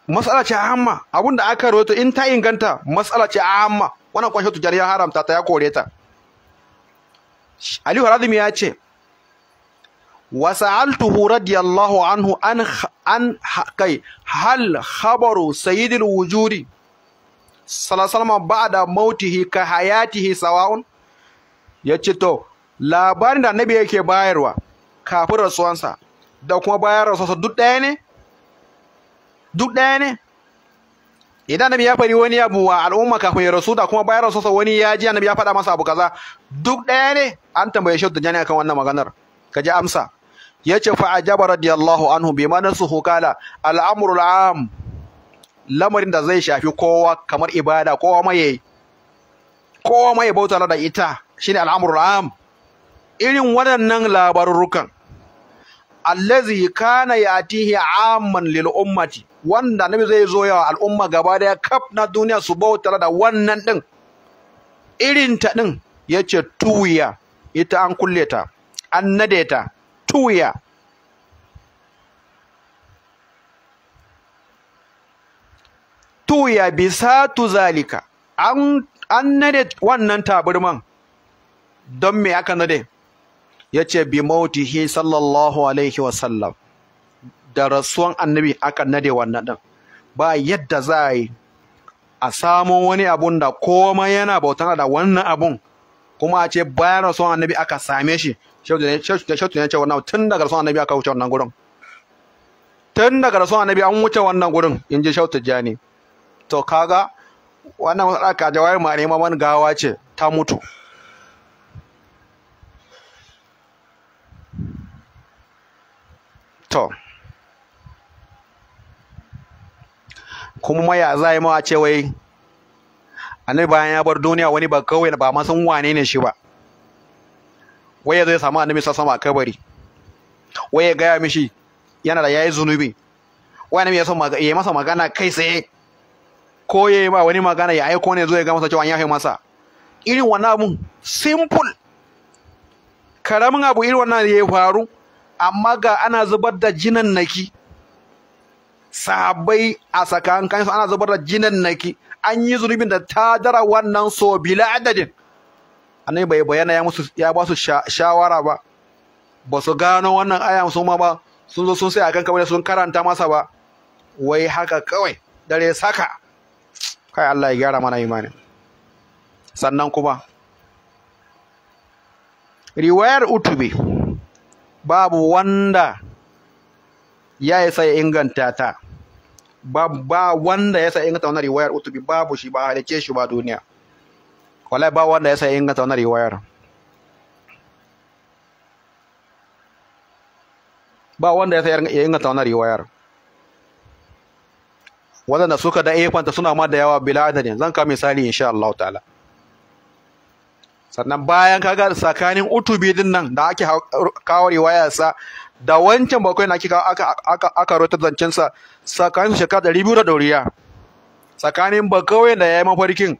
matsala ce amma abin da aka roto in ta inganta matsala ce amma wannan kwan shau ya haramta ta ya kore ta aliyu harazimi ya ce وسألته رضي الله عنه عن عن كي هل خبر سيد الوجود صلى الله عليه وسلم بعد موته كحياته سواء yace to labarin da annabi yake bayarwa kafin rasuwansa da kuma bayan rasuwansa duk ɗaya ne duk ɗaya ne idan annabi ya faɗi wani abu wa al'umma kafin ya rasu da kuma bayan rasuwarsa wani ya ji annabi ya faɗa masa abu kaza duk ɗaya ne an tambaye shi da jani akan wannan maganar ka ji amsa yace fa ajaba radiyallahu anhu bima su hukala al'amrul am lamarin da zai shafi kowa kamar ibada kowa mai kowa maye bauta da ita shine al'amrul am irin waɗannan labarurukan allazi kana yatihi amman lil ummati wanda nabi zai zo yawa al'umma gaba daya kaf na duniya su bauta da wannan ɗin, irin ta din yace tuya ita an kulle ta an nade ta tuya tuya bisa tuzalika. an nade wannan taburman don me aka nade ya ce bi mautihi sallallahu alaihi wasallam da rasuwan annabi aka nade wannan ɗin ba yadda za a yi a samo wani abun da komai yana bautan da wannan abun kuma a ce bayan rasuwan annabi aka same shi shautu ne ce wannan tun daga rasuwan annabi aka wuce wannan gurin tun daga rasuwan annabi an wuce wannan gurin in ji shautu ne. to kaga wannan aka jawai ma ne maman gawa ce ta mutu to kuma maya za a yi mawa ce wai annabi bayan ya bar duniya wani ba kawai ba ma san wane ne shi ba waye zai samu annabi sallallahu alaihi wasallam a kabari ya gaya mishi yana da yayi zunubi waye annabi ya san yayi masa magana kai tsaye ko ya yi ma wani magana ya aiko ne zo ya ga masa cewa an yafe masa irin wannan abun simple karamin abu irin wannan ya faru amma ga ana zubar da jinan naki sahabbai a sakankan ana zubar da jinan naki an yi zunubin da ta dara wannan so bila adadin annabi bai bayyana ya musu ya ba su shawara ba ba su gano wannan aya su ma ba sun zo sun sai akan kamar sun karanta masa ba wai haka kawai dare saka kai Allah ya gyara mana imani sannan kuma riwayar utubi babu wanda ya isa ya inganta ta ba wanda ya isa inganta wannan riwayar utubi babu shi ba halice shi ba duniya wallahi ba wanda ya sai inganta wannan riwayar ba wanda ya sai inganta wannan riwayar wadanda suka da efanta suna ma da yawa bila adadin zan ka misali insha Allah ta'ala sannan bayan kaga tsakanin utubi din nan da ake kawo sa da wancan bakwai na kika aka aka aka rota zancensa tsakanin shekara ɗari biyu da ɗoriya tsakanin bakwai da ya yi mafarkin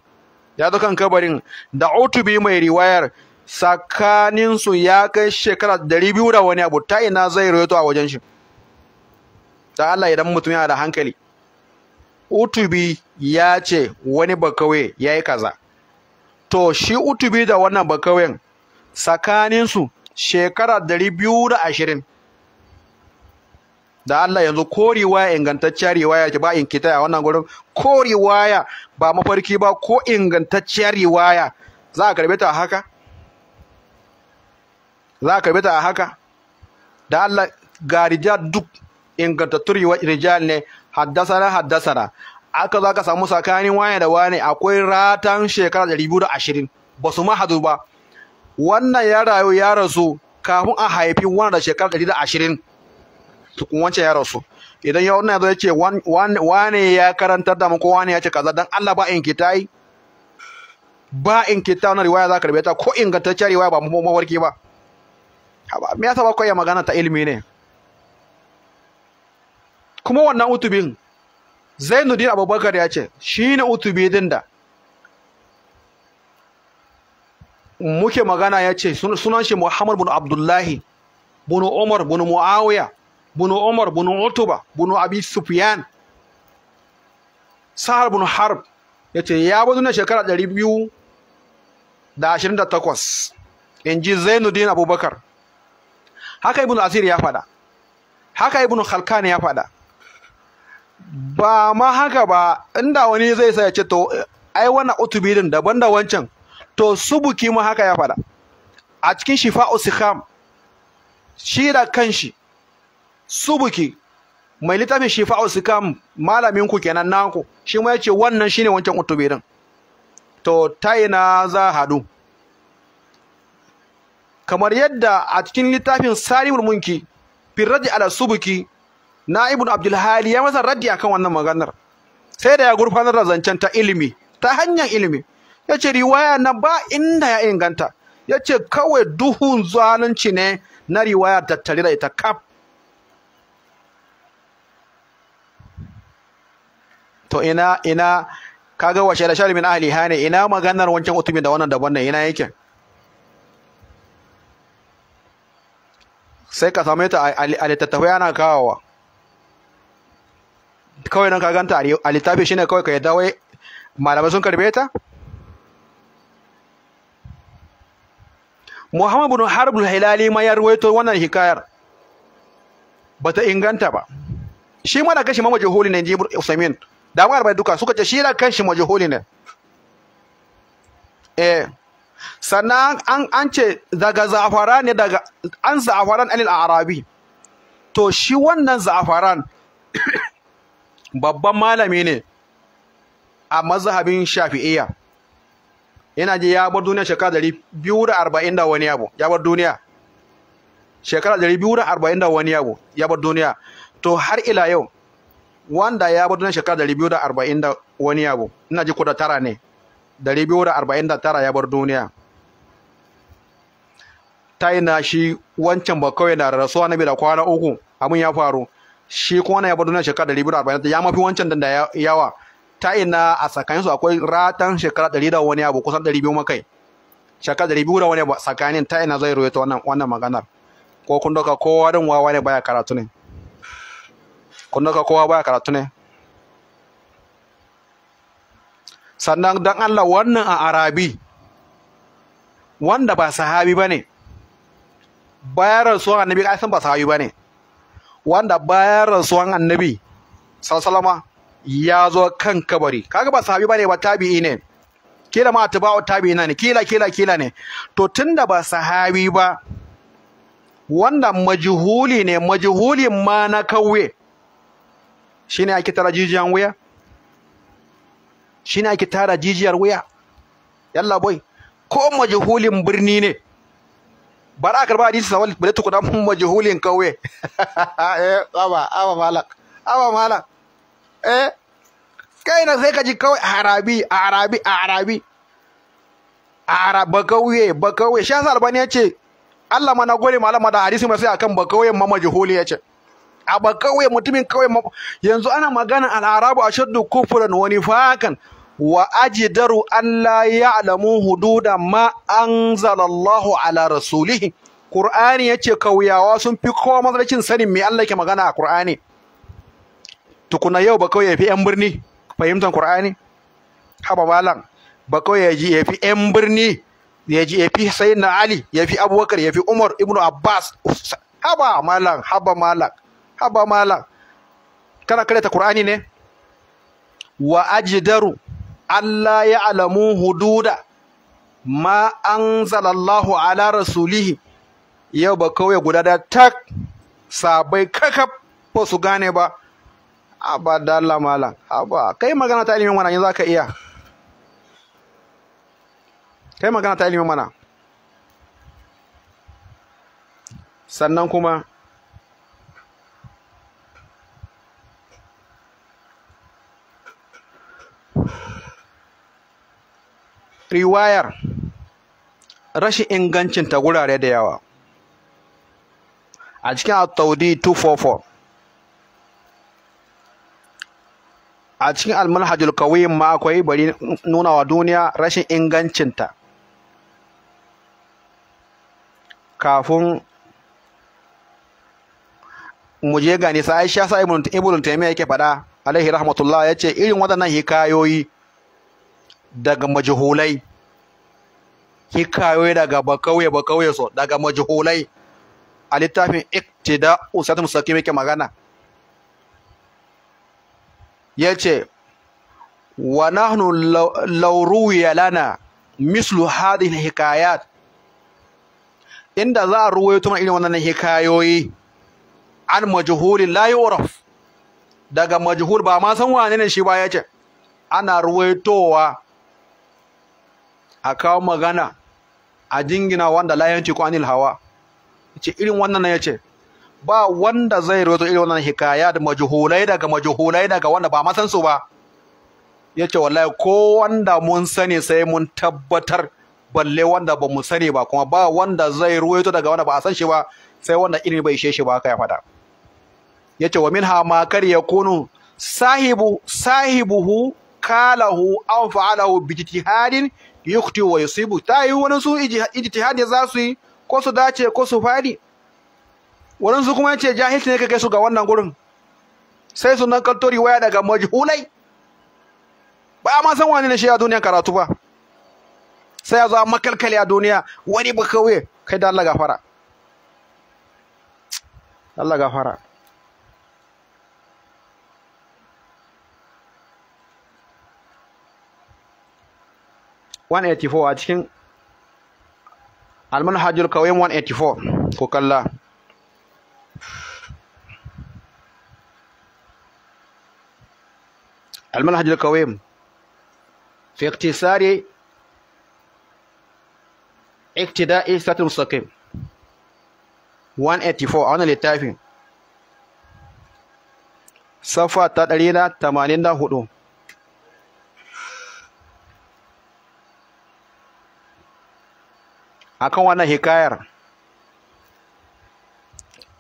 ya zo kan kabarin da utubi mai riwayar tsakaninsu ya kai shekara dari biyu da wani abu ta ina zai rawaito a wajen shi ta Allah idan mutum yana da hankali utubi ya ce wani bakawe ya yi kaza to shi utubi da wannan bakawen tsakaninsu shekara dari biyu da ashirin da Allah yanzu ko riwaya ingantacciyar riwaya ba in a wannan gurin ko riwaya ba mafarki ba ko ingantacciyar riwaya za a karbe ta a haka za a karbe ta a haka da Allah ga rijal duk ingantattun rijal ne haddasa na? aka za ka samu tsakanin waya da wane akwai ratan shekara da ribu da ashirin ba su ma hadu ba wannan ya rayu ya rasu kafin a haifi wani da shekara da ashirin tukun wancan ya rasu idan ya wannan ya ce wane ya karantar da mu ko wane ya ce kaza dan Allah ba in kitai ba in kita wannan riwaya za ka rubuta ko ingantaccen riwaya ba mu mawarki ba me yasa ba koyi magana ta ilimi ne kuma wannan utubin Zainuddin Abubakar ya ce shi ne utubi din da muke magana ya ce sunan shi Muhammad bin Abdullahi bin Umar bin Muawiya bunu umar bunu utuba bunu abi sufyan sahar bunu harb ya ce ya bazu na shekara ɗari biyu da ashirin da takwas in ji zainuddin abubakar haka ibn asir ya faɗa haka ibn khalkan ya faɗa ba ma haka ba inda wani zai sa ya ce to ai wannan utubi din daban da wancan to su buki ma haka ya faɗa a cikin shifa'u Usikham, shi da kanshi subuki mai littafin shifa'u sikam malamin ku kenan naku shi ma yace wannan shi ne wancan utube din to na za hadu kamar yadda a cikin littafin salimul munki fi ala subuki na ibn abdulhali ya masa raddi akan wannan maganar sai da ya gurfanar da zancen ta ilimi ta hanyar ilimi ya ce riwaya na ba inda ya inganta ya ce kawai duhun zalunci ne na riwaya tattare da ita kaf to ina ina kaga washe da shar min ahli hane ina maganar wancan utumi da wannan da wannan ina yake sai ka same ta a littattafai ana kawowa kawai nan ka ganta a littafi shine kawai ka yadda wai malamai sun karbe ta Muhammad bin Harb al-Hilali ma ya ruwaito wannan hikayar Ba ta inganta ba shi ma da kashi mamajin holi na Jibril Usaimin da malamai duka suka ce shi ran kanshi majhuli ne eh sannan an an ce daga za'afaran ne daga an za'afaran anil arabi to shi wannan za'afaran *coughs* babban malami ne a mazhabin shafi'iyya yana je ya bar duniya shekara dari biyu da arba'in da wani abu ya bar duniya shekara dari biyu da arba'in da wani abu ya bar duniya to har ila yau wanda ya bar na shekara dari biyu da arba'in da wani abu ina ji kuda tara ne dari biyu da arba'in da tara ya bar duniya ta ina shi wancan ba kawai na rasuwa na da kwana uku abin ya faru shi kuma na ya bar duniya shekara dari biyu da arba'in da ya mafi wancan da yawa ta ina a tsakaninsu akwai ratan shekara dari da wani abu kusan dari biyu makai shekara dari biyu da wani abu tsakanin ta ina zai ta wannan maganar ko kun doka kowa din wawa ne baya karatu ne kun ga kowa baya karatu ne sannan dan Allah wannan a arabi wanda ba sahabi bane bayan rasuwan annabi ai san ba sahabi bane wanda bayan rasuwan annabi sallallahu ya zo kan kabari kaga ba sahabi bane ba tabi'i ne kila ma tabau tabi'i ne kila kila kila ne to tunda ba sahabi ba wanda majhuli ne majhulin ma na kauye ne ake tara jijiyar wuya ne ake tara jijiyar wuya yalla boy ko Majahulin birni ne ba za a karba hadisi sawal bale tukuna mun kauye *laughs* eh aba aba malak aba malak eh kai na sai ka ji kawai arabi arabi arabi araba kauye ba kauye shi yasa albani ya ce Allah mana gode malama da hadisi mai sai akan ba kauyen ma Majahuli ya ce a ba kauye mutumin kauye yanzu ana magana al'arabu shaddu kufran wa fakan wa daru an la hudu, hududa ma zalallahu ala rasulihi ya ce kauyawa sun fi kowa mazalacin sanin "Mai Allah ke magana a Kur'ani". tukuna yau ba kauye fi yan birni fahimtar Kur'ani? haba malam ba kauye ya fi yan birni fi sayin na Ali ya fi Abubakar fi Umar ibnu Abbas haba malam haba malam haba malam kana karanta qur'ani ne wa ajdaru alla ya'lamu hududa ma anzalallahu ala rasulihi yau ba kawai guda da tak sabai kakaf ba su gane ba haba dalla malam haba kai magana ta ilimin wannan yanzu zaka iya kai magana ta ilimin mana sannan kuma riwayar rashin ingancin ta gurare da yawa a cikin taudi 244 a cikin al-manhajul ma akwai bari nuna wa duniya rashin ingancin kafin mu je ga nisa aisha sa ibn taymiya yake faɗa alaihi rahmatullah yace irin waɗannan hikayoyi daga majihulai, hikayoyi daga bakauye bakauye so daga majihulai, a littafin iktida Sarki mustaqim ke magana Ya ce, wa nahnu law ya lana mislu hadhihi hikayat inda za a ruwaito tuma irin wannan hikayoyi an majhulin la yu'raf daga majhul ba ma san wane ne shi ba yace ana ruwaitowa a kawo magana a jingina wanda layanci ko anil hawa ce irin wannan ya ce ba wanda zai rawaito irin wannan hikaya da majuhulai daga majuhulai daga wanda ba masan su ba ya ce wallahi ko wanda mun sani sai mun tabbatar balle wanda ba mu sani ba kuma ba wanda zai ruwaito daga wanda ba a san shi ba sai wanda irin bai ishe shi ba haka ya faɗa ya ce wa min ha ma kar ya kunu sahibu sahibuhu kalahu an fa'alahu bi ijtihadin yukti wa yusibu ta yi wani su ijtihadi za su yi ko su dace ko su fadi wani su kuma yace jahilci ne kai su ga wannan gurin sai su nan kaltori waya daga majhulai ba ma san wani ne shi a duniya karatu ba sai ya zo a makalkali a duniya wani ba kai da Allah gafara Allah gafara 184 a cikin almanhajul kawai 184 ko kalla almanhajul kawai fi iktisari iktida'i satin sake 184 a wannan littafin safa ta 184 akan wannan hikayar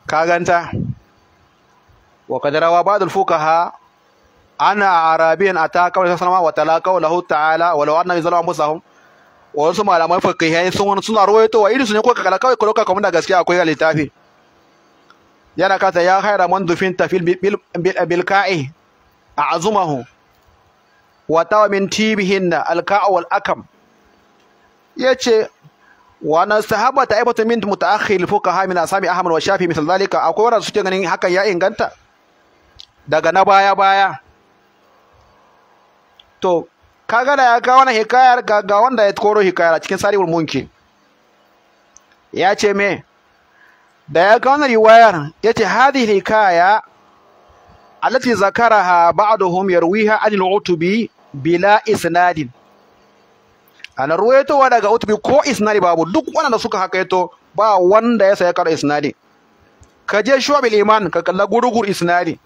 ka ganta wa kadarawa al fuqaha ana arabiyan ata kawai sallama wa talaqaw lahu ta'ala wa law anna zalama musahum wa wasu malaman fiqhiyai sun wani suna ruwaito wa irisu ne ko kala kawai ko ka kuma da gaskiya akwai littafi yana kata ya khaira man dufin tafil bil ka'i a'zumahu wa tawa min tibihinna al ka'a wal akam yace wannan sahaba ta aibatu min mutaakhir fuqaha min asami ahmad wa shafi misal zalika akwai wanda suke ganin hakan ya inganta daga na baya baya to kaga da ya ga wannan hikayar ga wanda ya koro hikayar cikin sarihul munki ya ce me da ya ga wannan riwayar ya ce hadhihi hikaya allati zakaraha ba'duhum yarwiha anil utubi bila isnadin ana ruwaitowa daga utubi ko isnadi babu duk wanda suka hakaito ba wanda ya saya kara isnadi ka je shuwabil iman ka kalla gurugur isnadi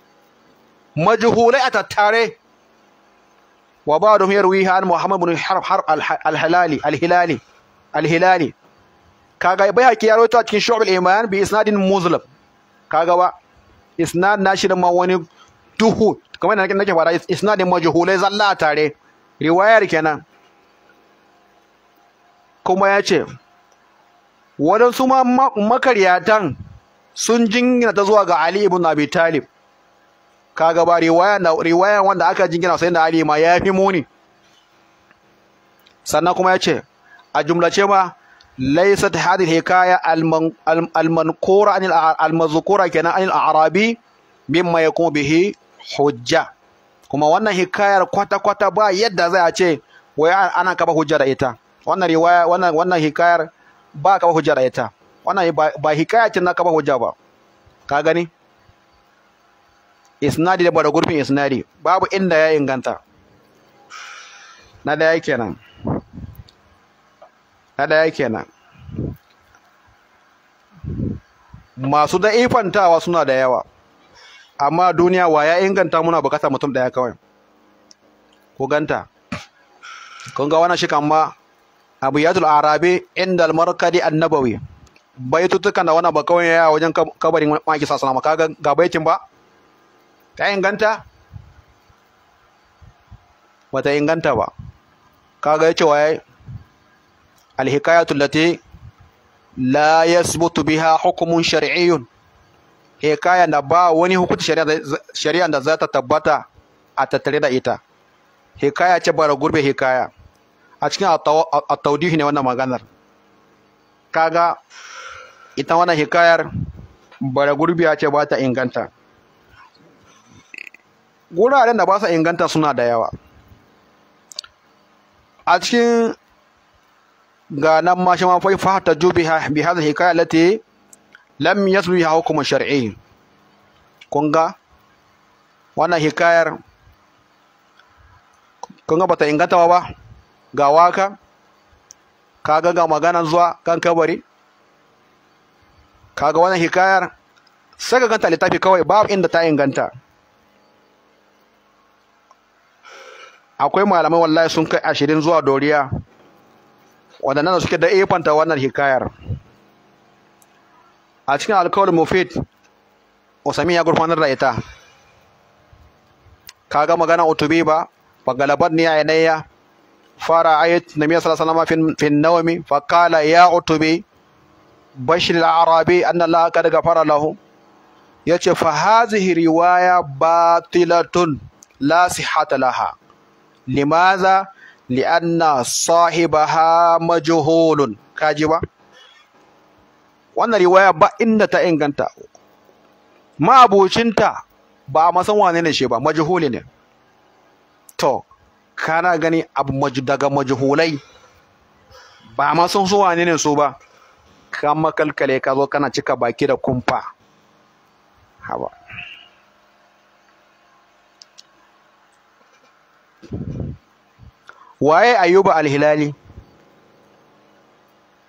majhulai a tattare wa ba da yarwi an muhammad bin har al-hilali al-hilali kaga bai haki ya rawaito a cikin shuwabil iman bi isnadin muslim kaga ba isnad nashi da ma wani duhu kamar yadda nake fara isnadin majhulai zalla a tare riwayar kenan kuma ya ce waɗansu makaryatan sun jingina ta zuwa ga Ali ibn Abi Talib kaga ba riwaya wanda aka jingina sai da Ali ma ya fi muni sannan kuma ya ce a jumlace ma laisa ta hikaya hekaya almankora anil almazukora kenan anil arabi mimma kuma bihi hujja kuma wannan hikayar kwata-kwata ba yadda zai a ce wai ana kaba hujja da ita wannan riwaya wannan wannan hikayar ba ka ba hujja da ita wannan ba hikaya ce na ka ba hujja ba ka gani isnadi da bada gurbin isnadi babu inda ya inganta na daya kenan na daya kenan masu da ifantawa suna da yawa amma duniya wa ya inganta muna bukatar mutum daya kawai ku ganta kun ga wannan shi kan ba. abiyatul arabi indal markadi annabawi baitutukan da wani ba kawai ya wajen kabarin maki sa salama kaga ga baitin ba ta inganta ba ta inganta ba kaga yace waye alhikayatu lati la yasbutu biha hukmun shar'iyyun hikaya da ba wani hukunci shari'a da za ta tabbata a tattare da ita hikaya ce bara gurbe hikaya a cikin a tawdih ne wannan maganar kaga ita wannan hikayar bara gurbiya ce ba ta inganta guraren da ba su inganta suna da yawa a cikin ga nan mashi mafai ma fai fata jubiha bi hadha hikaya lati lam yasbi ya hukuma shar'i kun ga wannan hikayar kun ga bata inganta ba ba ga waka kaga ga maganan zuwa kan kabari kaga wannan hikayar sai ka ganta littafi kawai babu inda ta inganta akwai malamai wallahi sun kai ashirin zuwa doriya waɗannan suke da ifanta wannan hikayar a cikin alkawar mufid usami ya gurfanar da ita kaga magana utubi ba ba galabar ni فرأيت النبي صلى الله عليه وسلم nawmi fa qala ya utubi بشر العربي lahu yace fa hadhihi riwaya batilatun la sihhata laha limaza li'anna sahibaha majhulun kaji ba wannan riwaya ba inda ta inganta ma abocinta ba masan wane ne shi ba majhuli ne to kana gani abu daga majhulai ba ma san su wane ne su ba ka makalkale ka zo kana cika baki da kumfa haba waye ayuba alhilali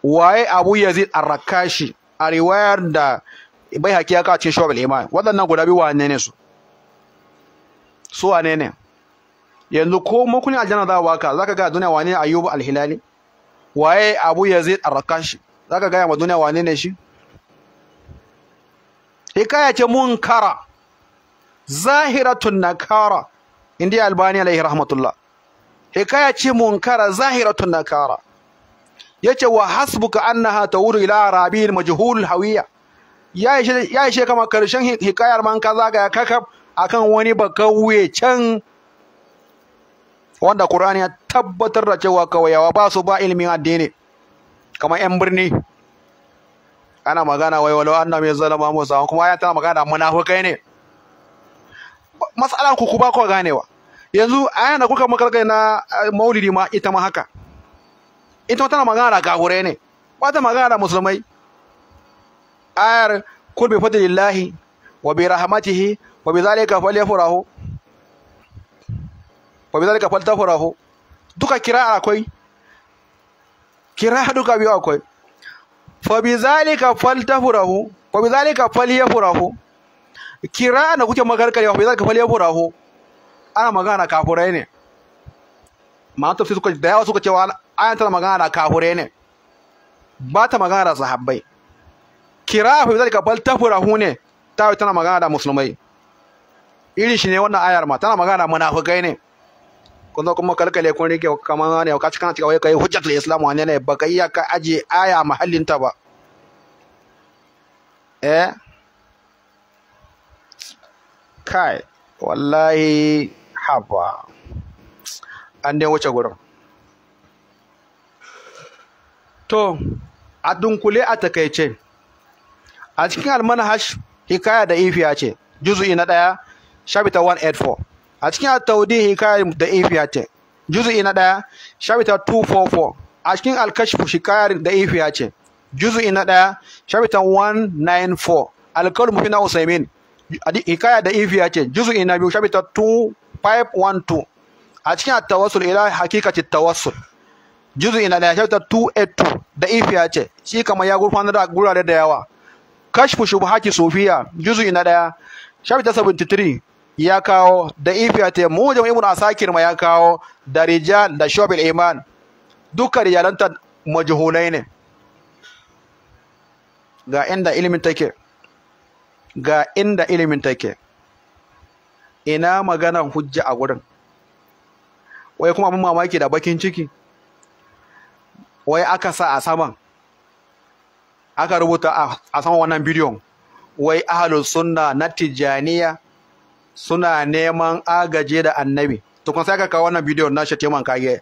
waye abu yazid arrakashi a riwayar da bai haƙiƙa cikin shawar iman waɗannan guda biyu wa ne su su ne ne yanzu ko mun kunya aljanna za waka zaka ga duniya wane ne ayyubu alhilali waye abu yazid arrakashi zaka ga ma duniya wane ne shi hikaya ce munkara zahiratun nakara indiya albani alaihi rahmatullah hikaya ce munkara zahiratun nakara yace wa hasbuka annaha tawuru ila rabil majhul hawiya ya yi ya ƙarshen kama karshen hikayar man ka zagaya kakab akan wani bakawe can wanda Qur'ani ya tabbatar da cewa kawayawa ba su ba ilimin addini kamar yan birni ana magana wai walau anna mai zalama musa kuma ya tana magana munafukai ne mas'alar ku ku ba ku ganewa yanzu ayan da kuka makarkai na eh, maulidi ma ita ma haka ita tana magana da gahure ne ba ta magana da musulmai ayar kul bi fadlillahi wa bi rahmatihi wa bi zalika falyafrahu wa bidhalika faltafurahu duka kira'a akwai kira'a duka biwa akwai fa bidhalika faltafurahu wa bidhalika falyafurahu kira na kuke magarkarewa fa bidhalika falyafurahu ana magana kafurai ne ma tafsir suka da yawa suka cewa ayan tana magana kafurai ne ba ta magana sahabbai kira fa bidhalika faltafurahu ne ta tana magana da muslimai irin shi ne wannan ayar ma tana magana munafikai ne kuma kuma kalkale kun rike kamar ne ka cika wai kai hujjatul islam wane ne baka iya ka aje aya mahallin ta ba eh kai wallahi haba an dai wuce gurin to a dunkule a takaice a cikin almanhaj hikaya da ifiya ce juzu'i na ɗaya shabita 184 a cikin at-tawdih hikaya da ifiyate juz'i na daya shafita 244 a cikin alkashifu shi shikayar da ifiya ce juz'i na daya shafita 194 alkawar mafi mufi na usaimin hikaya da ifiya ce juz'i na biyu shafita 2512 a cikin at-tawassul ila hakikaci at-tawassul juz'i na daya shafita 282 da ifiya ce shi kamar ya gurfanar da gurare da yawa kashfu shubhati sufiya juz'i na daya shafita 73 ya kawo da ifiyate mujam ibn asakir ma ya kawo da rijal da shobil iman duka rijalanta majhulai ne ga inda ilimin take ga inda ilimin take ina magana hujja a gurin wai kuma abin mamaki da bakin ciki wai aka sa a saman aka rubuta a saman wannan bidiyon wai ahlus sunna na Tijaniya? suna neman agaje da annabi to kun sai ka kawo wannan bidiyon na shi teman kage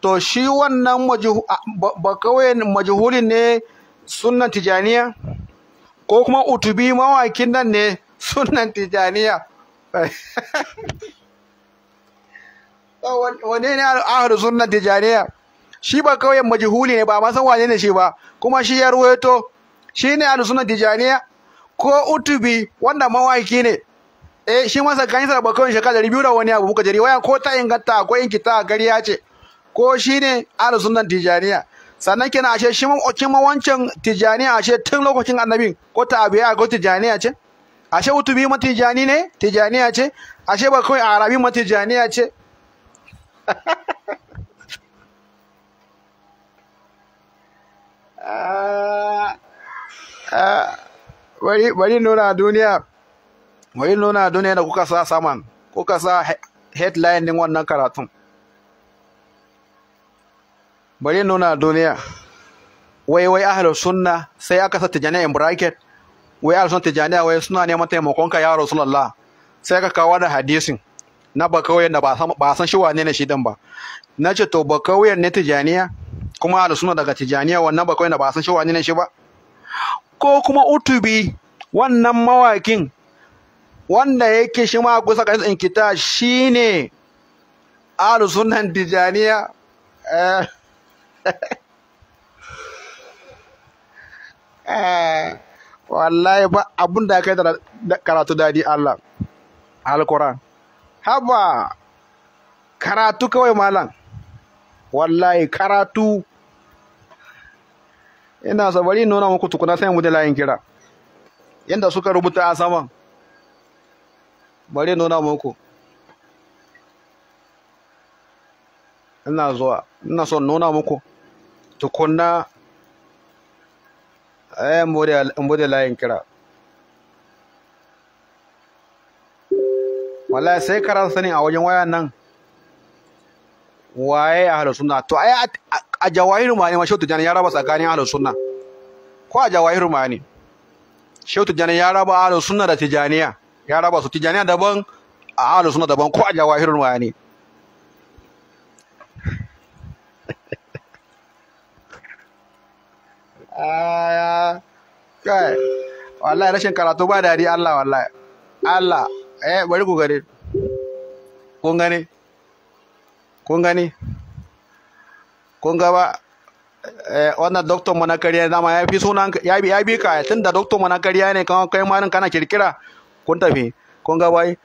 to shi wannan ba kawai majhulin ne sunan tijaniya ko kuma utubi mawakin nan ne sunan tijaniya *laughs* wane ne ahadu sunan tijaniya shi ba kawai majhuli ne ba ma wane ne shi ba kuma shi ya ruwaito shi ne ahadu sunan tijaniya ko utubi wanda mawaki ne eh shi ma tsakanin sa ba kawai shekara dari biyu da wani abu kuka jari waya ko ta inganta ko yin kita gari gariya ce ko shine ala sunnan tijaniya sannan kina ashe shi ma wancan tijaniya ashe tun lokacin annabin ko ta abiya ko tijaniya ce ashe utubi ma tijani ne tijaniya ce ashe ba kawai arabi ma tijaniya ce *laughs* ah, ah, bari nuna duniya Wai nuna duniya da kuka sa saman kuka sa headline din wannan karatun bari nuna duniya wai wai ahlus sunna sai aka sa tijani in bracket wai ahlus sunna tijani wai suna neman taimakon ka ya rasulullah sai ka kawo da hadisin na bakauyen da ba san shi wane ne shi din ba na ce to bakauyen ne tijaniya kuma ahlus sunna daga tijaniya wannan kawai da ba san shi wane ne shi ba ko kuma utubi wannan mawakin wanda yake shi ma kusa ga inkita shine ahlus dijaniya eh. *laughs* eh, wallahi ba abun da kai da karatu dadi Allah alquran haba karatu kawai malam wallahi karatu ina sabari nuna muku tukuna sai mu da layin kira yanda suka rubuta a saman bari nuna muku ina zuwa ina son nuna muku tukunna eh mode layin kira wallahi sai karar sani a wajen wayan nan waye ahlus sunna to ai a jawahiru ma ne ma shautu jani ya raba tsakanin ahlus sunna ko a jawahiru ma ne shautu jani ya raba ahlus sunna da tijaniya ya raba su tijaniya daban a halin suna daban ko a waya ne aya kai wallahi rashin karatu ba dadi Allah wallahi Allah eh bari ku gare kun gane kun gane kun ga ba eh, wannan doctor mu kariya dama ya fi sunan ya bi ka tunda doctor mu kariya ne kan kai ma kana kirkira kun tafi kun ga wai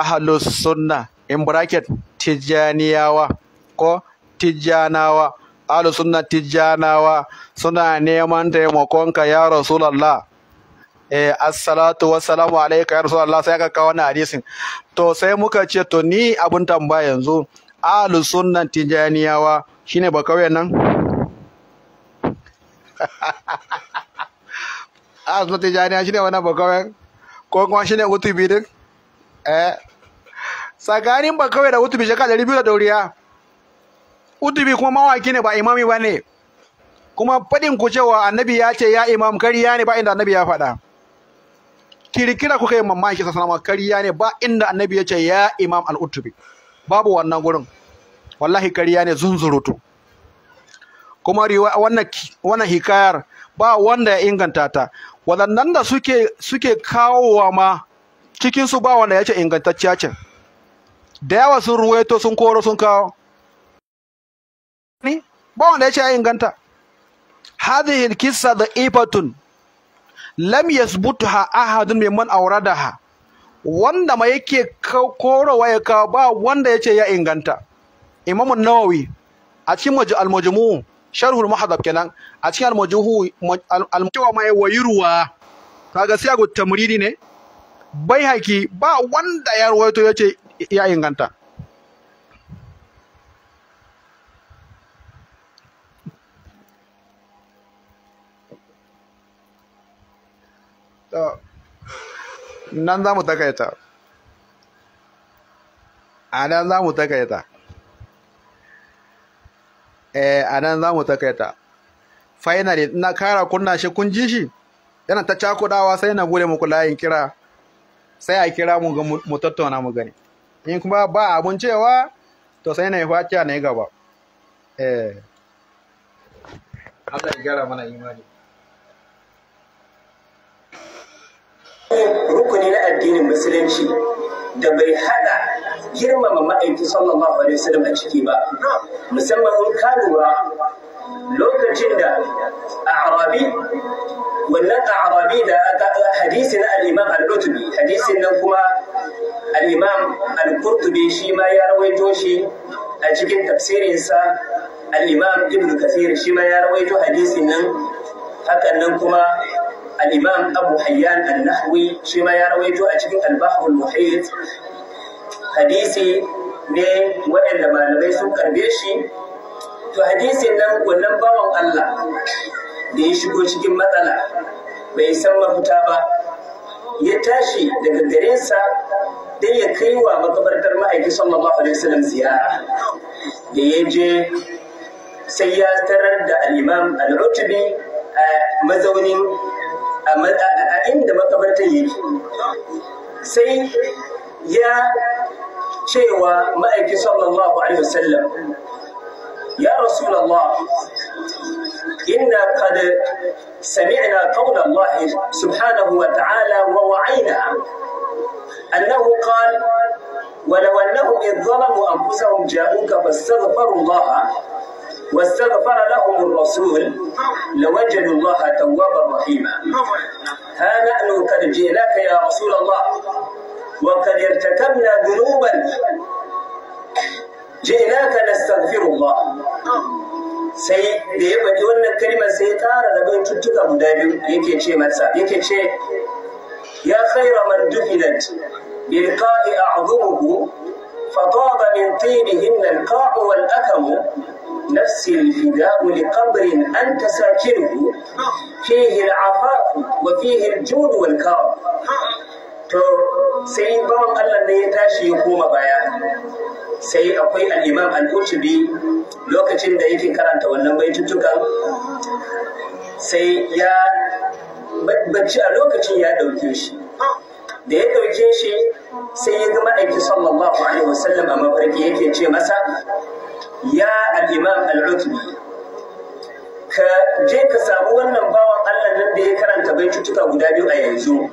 ahlus sunna in bracket tijaniyawa ko tijjanawa ahlus sunna tijjanawa suna neman taimakonka ya rasulallah eh assalatu wassalamu alayka ya rasulallah sai aka kawo wannan hadisin to sai muka ce to ni abun tambaya yanzu ahlus sunna tijaniyawa shine ba kawai nan *laughs* ahlus sunna tijjaniyawa shine wannan ba ko kuma shi ne utubi din eh tsakanin ba kawai da utubi shekara dari biyu da dauriya utubi kuma mawaki ne ba imami ba ne kuma faɗin ku cewa annabi ya ce ya imam kariya ne ba inda annabi ya faɗa kirkira kuka yi mamaki sassan sassanawa, kariya ne ba inda annabi ya ce ya imam al'utubi babu wannan gurin wallahi kariya ne zunzurutu kuma wannan hikayar ba wanda ya inganta ta waɗannan da suke suke kawowa ma cikin su ba wanda ya ce ingantacciya ce da yawa sun ruwaito sun koro sun kawo ni ba wanda ya ce ya inganta hadhihi alqissa da'ifatun lam yasbutha ahadun mimman awradaha wanda ma yake korowa ya kawo ba wanda ya ce ya inganta imamun nawawi a cikin al sharhul muhaddab kenan a cikin almajuhu almajuwa mai wayruwa kaga sai go tamridi ne bai haki ba wanda ya rawaito yace ya inganta nan za mu takaita a nan za mu takaita Eh, a nan za mu takaita finally ina kara kunna shi kun ji shi yana ta cakudawa sai na gode muku layin kira sai a kira mu ga mu tattauna mu gani in kuma ba abun cewa to sai na yi fatiya na yi gaba eh Allah ya gyara mana imani rukuni na addinin musulunci da bai hada girmama ma'aiki sallallahu alaihi wasallam a ciki ba musamman in ka lura lokacin da arabi wannan arabi da aka hadisi na al-imam al-lutubi hadisin nan kuma al-imam al-qurtubi shi ma ya rawaito shi a cikin tafsirinsa al-imam ibn kathir shi ma ya rawaito hadisin nan hakan nan kuma al-imam abu hayyan an-nahwi shi ma ya rawaito a cikin al-bahr al-muhit hadisi ne waɗanda malamai sun karbe shi to hadisin nan wannan bawan Allah da ya shigo cikin matsala bai san mafita ba ya tashi daga garinsa dai ya kai wa makabartar ma'aiki sallallahu alaihi wasallam ziyara da ya je sai ya tarar da al'imam al-rutubi a mazaunin a inda makabartar yake sai ya cewa ma'aiki sallallahu alaihi wasallam ya rasulullah inna qad sami'na qawla Allah subhanahu wa ta'ala wa wa'ayna annahu qala ولو انهم اذ ظلموا انفسهم جاءوك فاستغفروا الله واستغفر لهم الرسول لوجدوا الله توابا رحيما ها نحن قد جئناك يا رسول الله وقد na ذنوبا جئناك نستغفر الله sai da ya faɗi wannan kalimar sai ya ƙara da cutuka guda biyu yake ce matsa yake ce ya khaira man dufinat bil qa'i a'dhumuhu fa taba min tibihin al qa'u wal akamu nafsi al fida'u li qabrin anta sakinuhu fihi al afaf wa fihi al jud wal karam to sai bawan Allah ne ya tashi ya koma baya sai akwai al'imam al'utubi lokacin da yake karanta wannan baitutukan sai ya bacci a lokacin ya ɗauke shi da ya ɗauke shi sai ya gama aiki sallallahu alaihi wasallam a mafarki yake ce masa ya al'imam al'utubi ka je ka samu wannan bawan Allah nan da ya karanta baitutuka guda biyu a yanzu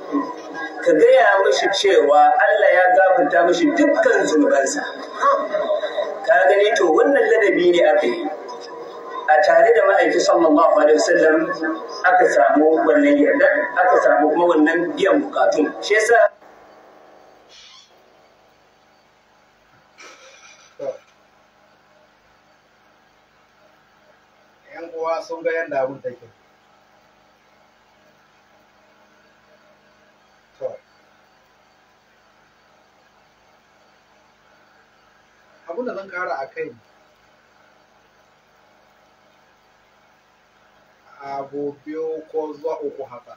ka gaya mashi cewa Allah ya gafarta mashi dukkan zunubansa ka gani to wannan ladabi ne aka yi a tare da ma'aiki sallallahu alaihi wasallam aka samu wannan yarda aka samu kuma wannan biyan bukatun shi yasa uwa sun ga yadda abin take abin da zan kara a kai a biyu ko zuwa uku haka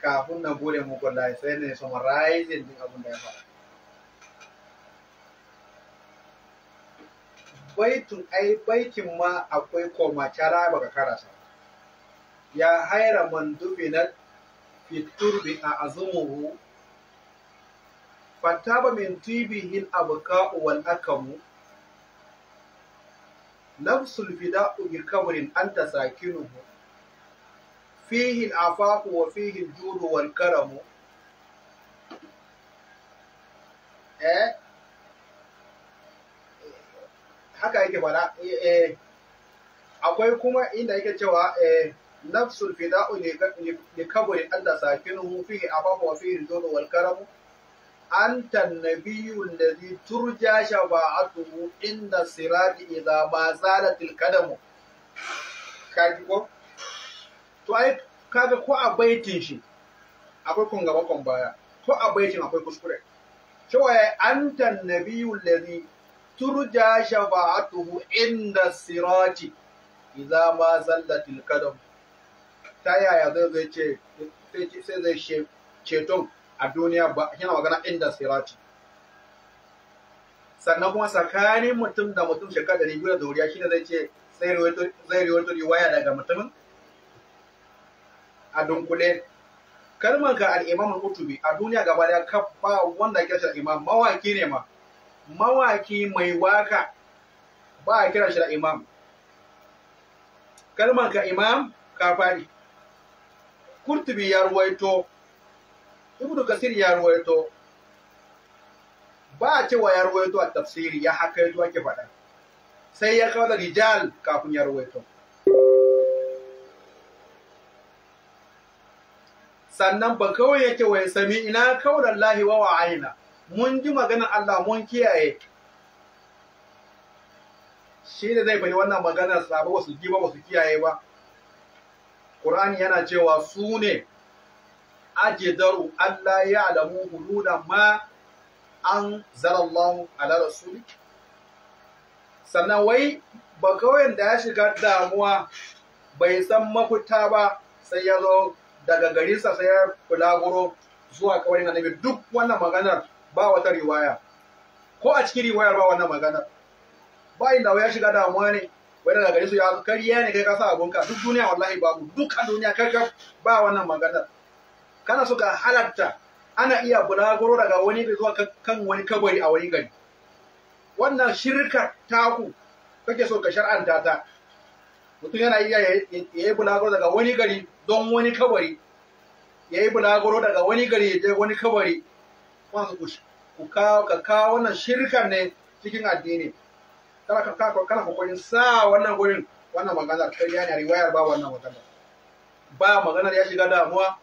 kafin na gode muku da sai ne summarizing din abin da ya faɗa baitun ai baikin ma akwai koma komacara baka karasa ya haira man dubinar fitur bi a azumuhu fantaba min tibihi al-abqa'u wal akamu nafsul fida'u bi kamrin anta sakinuhu fihi al-afafu wa fihi al-judu wal karamu eh haka yake fara eh akwai kuma inda yake cewa eh nafsul fida'u li kabrin anta sakinuhu fihi al wa fihi al-judu wal karamu antan nabiyyu allazi turja shafa'atuhu inda sirati idza ma zalatil qadamu ko to ai kaga ko a baitin shi akwai kun gaba baya ko a baitin akwai kuskure cewa antan nabiyyu allazi turja shafa'atuhu inda sirati idza ma zallatil ta yaya zai zai ce sai zai ceton a duniya ba yana magana inda sirati sannan kuma tsakanin mutum da mutum shekara ɗari biyu da doriya ne zai ce zai riwato riwaya daga mutumin a dunkule kalmar ka al'imamin utubi a duniya gaba da ba wanda ke shi imam mawaki ne ma mawaki mai waka ba a kira shi da imam kalmar ka imam ka faɗi. kurtubi ya ruwaito ibnu kasir ya ruwaito ba a cewa ya ruwaito a tafsiri ya haka yato ake faɗa sai ya kawo da rijal kafin ya ruwaito sannan ba kawai yake wai sami ina kaulan lahi wa wa aina mun ji maganar Allah mun kiyaye shi ne zai bari wannan maganar sabo wasu ji ba su kiyaye ba Qur'ani yana cewa su ne ajidaru Allah ya alamu hududa ma an zalallahu ala rasuli sannan wai ba kawai da ya shiga damuwa bai san mafita ba sai ya zo daga garinsa sai ya bulaguro zuwa kawai na nabi duk wannan maganar ba wata riwaya ko a cikin riwayar ba wannan maganar ba da ya shiga damuwa ne wai daga su ya kariya ne kai ka sa abunka duk duniya wallahi babu dukkan duniya karkar ba wannan maganar kana so ka halatta ana iya bulaguro daga wani bai zuwa kan wani kabari a wani gari wannan shirka taku kake so ka shar'anta ta mutum yana iya ya yi bulaguro daga wani gari don wani kabari ya yi bulaguro daga wani gari da wani kabari kushi ku ka kawo wannan shirkan ne cikin addini kana ka kana kokarin sa wannan gurin wannan magana ta yana riwayar ba wannan magana ba maganar ya shiga damuwa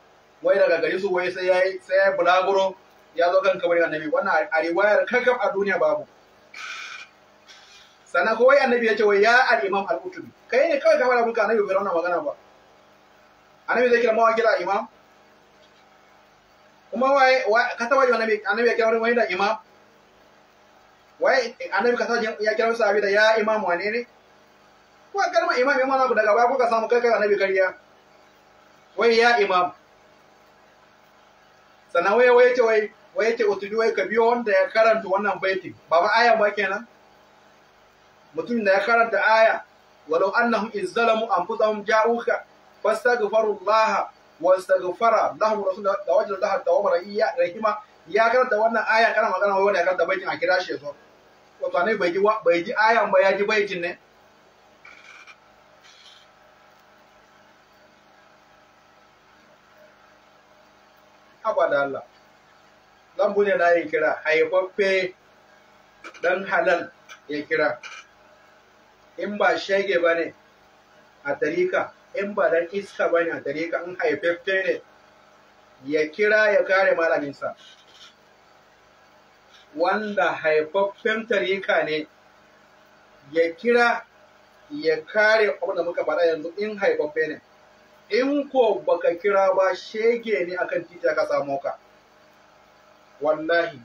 wai daga gari su wai sai yayi sai ya bulaguro ya zo kan kabarin annabi wannan a riwayar kakaf a duniya babu sannan ko wai annabi ya ce wai ya al-imam al-qutubi kai ne kawai kamar abinka annabi bai rauna magana ba annabi zai kira mawa kira imam kuma wai ka taba annabi annabi ya kira wani da imam Wai annabi ka taba ya kira sahabi da ya imam wane ne ko kalmar imam imam na daga baya kuka samu kai kai annabi kariya wai ya imam sannan wai wai yace wai wai yace utubi wai ka biyo wanda ya karanta wannan baitin ba ba aya ba kenan mutum da ya karanta aya walau annahum izzalamu anfusahum ja'uka wasu wastaghfara lahum rasul da wajin lahar da wamara iya rahima ya karanta wannan aya karanta magana wai wanda ya karanta baitin a kira shi yazo wato ne bai ji bai ji ayan ba ya ji baitin ne haba da Allah lambu ne na yi kira haifaffe dan halal ya kira in ba shege ba ne a tarika in ba dan iska ba ne a tarika in haifaffe ne ya kira ya kare malaminsa wanda haifaffen tarika ne ya kira ya kare abin muka faɗa yanzu in haifaffe ne in ko baka kira ba shege ne akan titi aka samo ka wallahi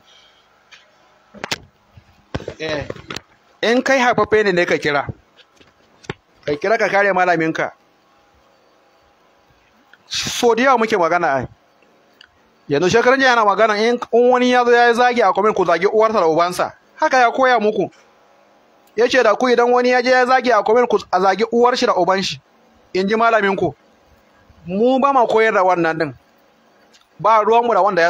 eh in kai haifafe ne ne ka kira ka kira ka kare malaminka so da yawa muke magana ai yanzu shekaran jiya yana magana in wani ya zo ya yi zagi a kwamin ku zagi uwarsa da ubansa haka ya koya muku ya ce da ku idan wani ya je ya zagi a kwamin ku a zagi uwar shi da uban shi in ji malamin ku mu ba ma koyar da wannan din ba ruwanmu da wanda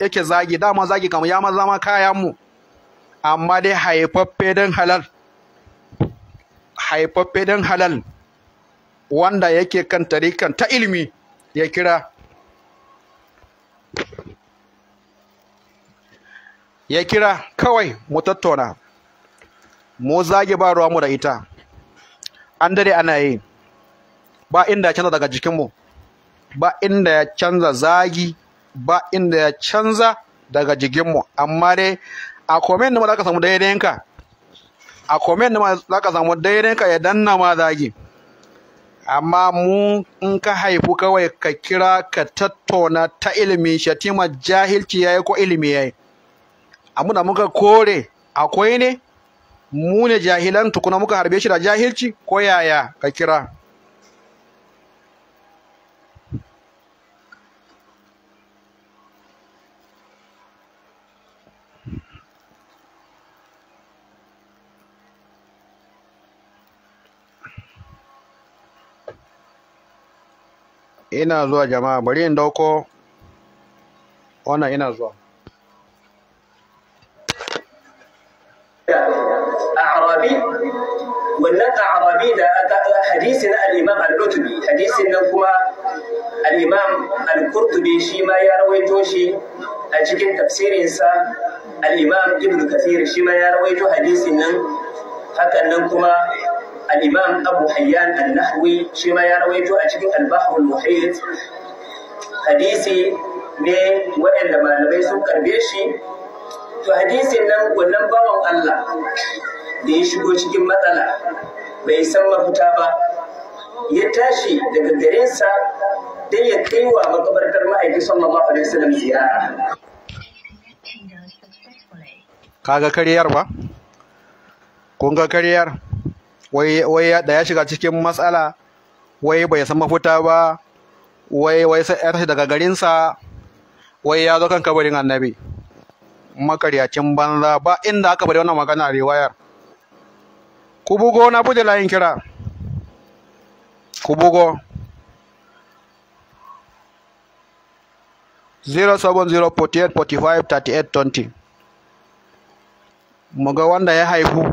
yake zagi dama zagi kamar ya maza ma kayan amma dai haifaffe don halal haifaffe don halal wanda yake kan tarikan ta ilimi ya kira ya kira kawai mu tattauna mu zagi ba ruwanmu da ita an dare ana yi ba inda canza daga jikinmu ba inda ya canza zagi ba inda ya canza daga jiginmu amma dai a komen ma za ka samu daidaiyanka a komen ma za ka samu daidaiyanka ya danna ma zagi amma mu in ka haifu kawai ka kira ka tattauna ta ilimi shatima jahilci ya yi ko ilimi ya yi. abu da muka kore akwai ne mu ne jahilan tukuna muka harbe shi da jahilci ko yaya ka kira ina zuwa jama'a bari in dauko wannan ina zuwa arabi wannan arabi da hadisi na al-imam al-lutubi hadisin nan kuma al-imam al-qurtubi shi ma ya rawaito shi a cikin tafsirinsa al-imam ibn kathir shi ma ya rawaito hadisin nan hakan nan kuma al abu hayyan an-nahwi shi ma ya rawaito a cikin albaha bahr al hadisi ne waɗanda malamai sun karbe shi to hadisin nan wannan bawan Allah da ya shigo cikin matsala bai san mafita ba ya tashi daga garinsa don ya kai wa makabartar ma'aiki sallallahu alaihi wasallam ziyara kariyar ba kun ga kariyar wai wai da ya shiga cikin matsala wai bai san mafuta ba wai wai sai ya tashi daga garinsa wai ya zo kan kabarin annabi makaryacin banza ba inda aka bari wannan magana riwayar ku bugo na bude layin kira ku bugo 07048453820 mu ga wanda ya haifu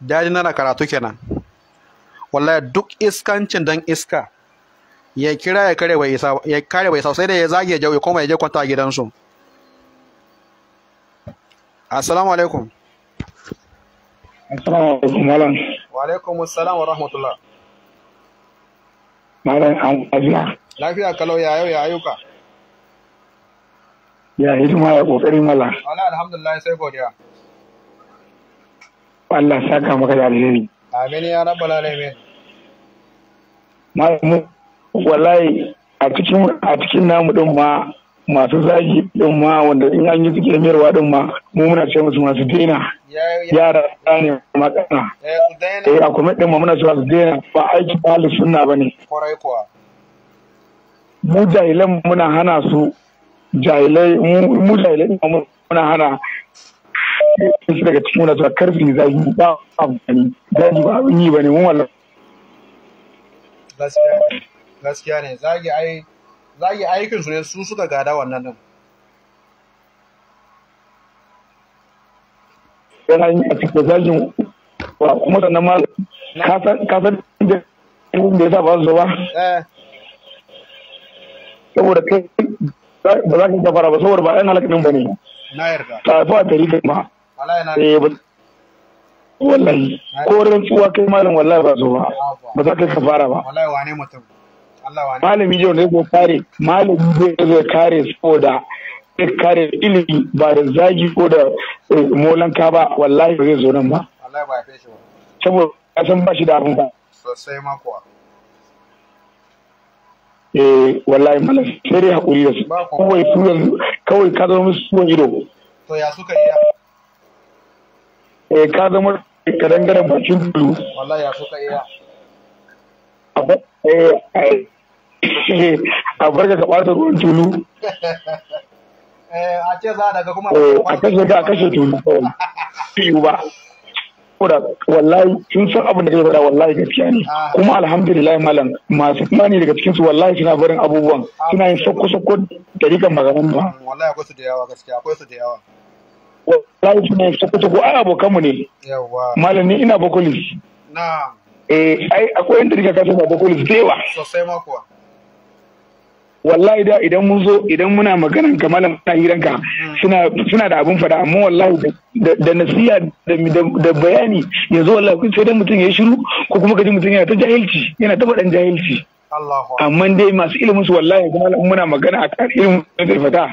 daji na karatu kenan wallahi duk iskancin dan iska ya kira ya kare bai isa ya kare bai sai ya zage ya jawo koma ya je kwanta a gidansu assalamu alaikum assalamu alaikum malam wa alaikum assalam wa rahmatullah malam an ajiya lafiya kalau ya yau ya ayuka ya hidima ya kokarin malam wala alhamdulillah sai godiya Allah saka maka da alheri amin ya rabbal alamin malamu wallahi a cikin a cikin namu din ma masu zagi din ma wanda in an yi suke mayarwa din ma mu muna ce musu masu daina yara ne makana eh, eh a kuma din ma muna cewa su daina ba aiki ba halin sunna ne. kwarai kuwa mu jahilai muna hana su jahilai mu jahilai muna hana su daga cikin wani zuwa karfi zagi ba amfani zagi ba abin yi ba ne mun wala gaskiya ne zagi ai aikin su ne su suka gada wannan din yana yin a cikin zagin wa kuma sannan ma kasan da ya sa ba su ba eh. saboda kai ba za ka gafara ba saboda ba ɗan halakinin ba ne na yarda tafi a dari kai ma eh wallahi ko tsuwa kai malam wallahi ba so ba ba za kai ka fara ba malami jiya ne ko kare malami zai zo kare saboda zai kare ilimi ba da zagi ko da eh, molanka ba wallahi ba zai zo nan ba saboda kasan ba shi da abin ba sosai makuwa eh wallahi malam sai dai hakuri da su kawai su yanzu kawai ka zama musu suwan ido to ya suka iya eh ka zama ka dangara bakin tudu wallahi ya suka iya a barka eh, *laughs* ka ɓata ruwan tulu *laughs* eh, a ce za a daga kuma eh, a kashe tulu kawai *laughs* ba saboda wallahi sun san abin da kai faɗa wallahi gaskiya ne ah. kuma alhamdulillah malam masu imani daga wallahi suna barin abubuwan ah. suna yin sokko sokko da rikan maganan ba mm, wallahi akwai su da yawa gaskiya akwai su da yawa wallahi suna yin sokko sokko ai abokan mu ne yawa malam ni ina bakulis na'am eh ai akwai inda riga ka suna bakulis da yawa sosai ma wallahi da idan mun zo idan muna magana ga malam na hiranka suna suna da abun fada amma wallahi da nasiya da bayani yanzu wallahi kun sai dan mutum ya shiru ko kuma kaji mutum yana ta jahilci yana ta faɗan jahilci amma dai masu ilimin su wallahi malam muna magana a kan ilimin da fata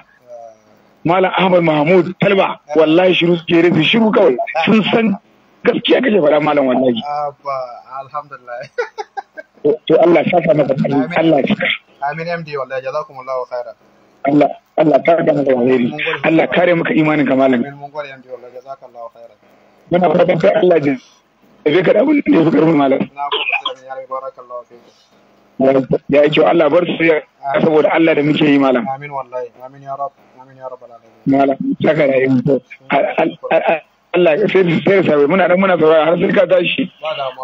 malam Ahmad Mahmud Talba wallahi shiru suke rinsu shiru kawai sun san gaskiya kake faɗa malam wallahi alhamdulillah *laughs* to Allah saka maka kai Allah saka amin MD wallahi jazakumullahu Allah Allah ta da maka alheri Allah kare maka imanin ka malami mun gode MD wallahi muna fatan Allah ji zai ka da ya fi karfin malam na gode ya barakallahu ya Allah bar su saboda Allah da muke yi malam. Amin wallahi, amin ya rab, amin ya rab saka da Allah ya sai sai sai sai muna nan muna saurara har sai ka tashi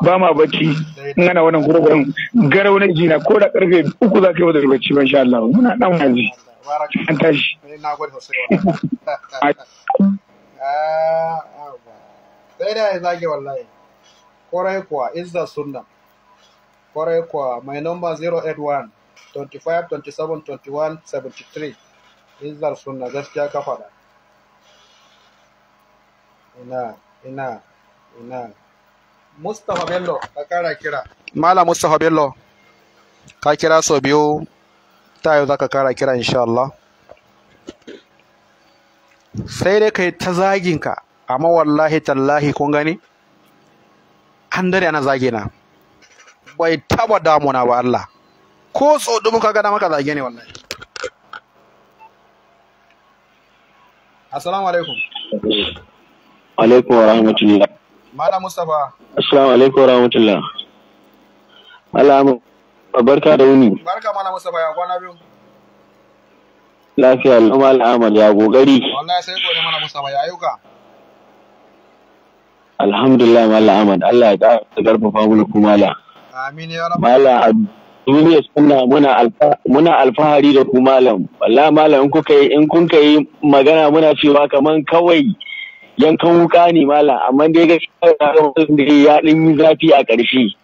ba ma bacci in ana wannan gurgurun garau na jina ko da karfe uku za ka yi wadda bacci ba insha Allah muna nan muna ji an tashi eh, sai da ya zage wallahi kwarai kuwa is the sunnah kwarai kuwa my number 081 25 27 21 73 is the sunnah gaskiya ka faɗa ina ina ina Mustapha Bello ka kara kira Malam Mustapha Bello ka kira biyu ta yau zaka ka kara kira insha Allah sai dai kai ta zaginka amma wallahi tallahi kun gani an dare ana zage na bai taba damuna ba Allah ko dubu ka gada maka zage ne wallahi assalamu alaikum alaikum wa rahmatullah. Mala Mustapha. Assalamu alaikum wa rahmatullah. Alamu barka da wuni. Barka Mala Mustapha ya kwana biyu. Lafiya Lama Al'amal ya gogari. Wallahi sai gode Mala Mustapha ya ayyuka. Alhamdulillah Mala Ahmad Allah ya ƙara karfafa mu Amin ya Mala duniya suna muna alfahari da ku malam. Wallahi malam in kuka yi in kun kai magana muna cewa kaman kawai yankan wuka ne mala amma dai gaskiya da ya ɗin yi zafi a ƙarshe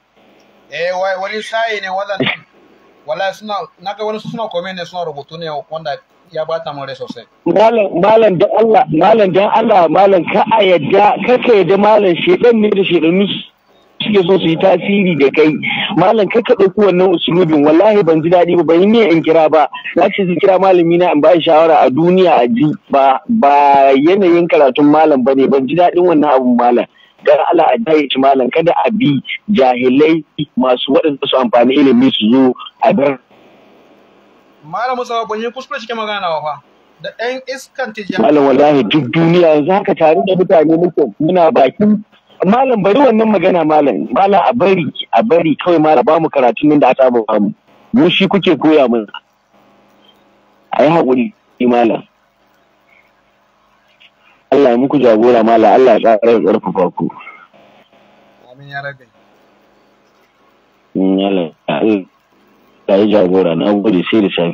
eh wani sai ne wadan *laughs* wala suna naga wani suna kome ne suna rubutu ne wanda ya bata mun rai sosai malam malam dan Allah malam dan Allah malam ka a yadda ka yadda malam shedan ne da shedan nusu suke so su yi tasiri da kai malam kai ka ɗauki wannan usulubin wallahi ban ji daɗi ba ban yi in kira ba na ce kira malami na in ba shawara a duniya a ji ba ba yanayin karatun malam ba ne ban ji daɗin wannan abun malam dan Allah a jaye ci malam kada a bi jahilai masu waɗanda su amfani ilimi su zo a bar. Malam Musa ban yi kuskure cikin magana ba da ɗan iskan tijjani. Malam wallahi duk duniya yanzu haka tare da mutane muke muna bakin malam bari wannan magana malam malam a bari a bari kawai malam ba mu karatun nan da aka ba mu mu shi kuke koya mun a yi haƙuri malam Allah ya muku jagora malam Allah ya ƙara ya ƙarfafa ku amin ya rabe mm, Allah ya jagora na gode sai da safe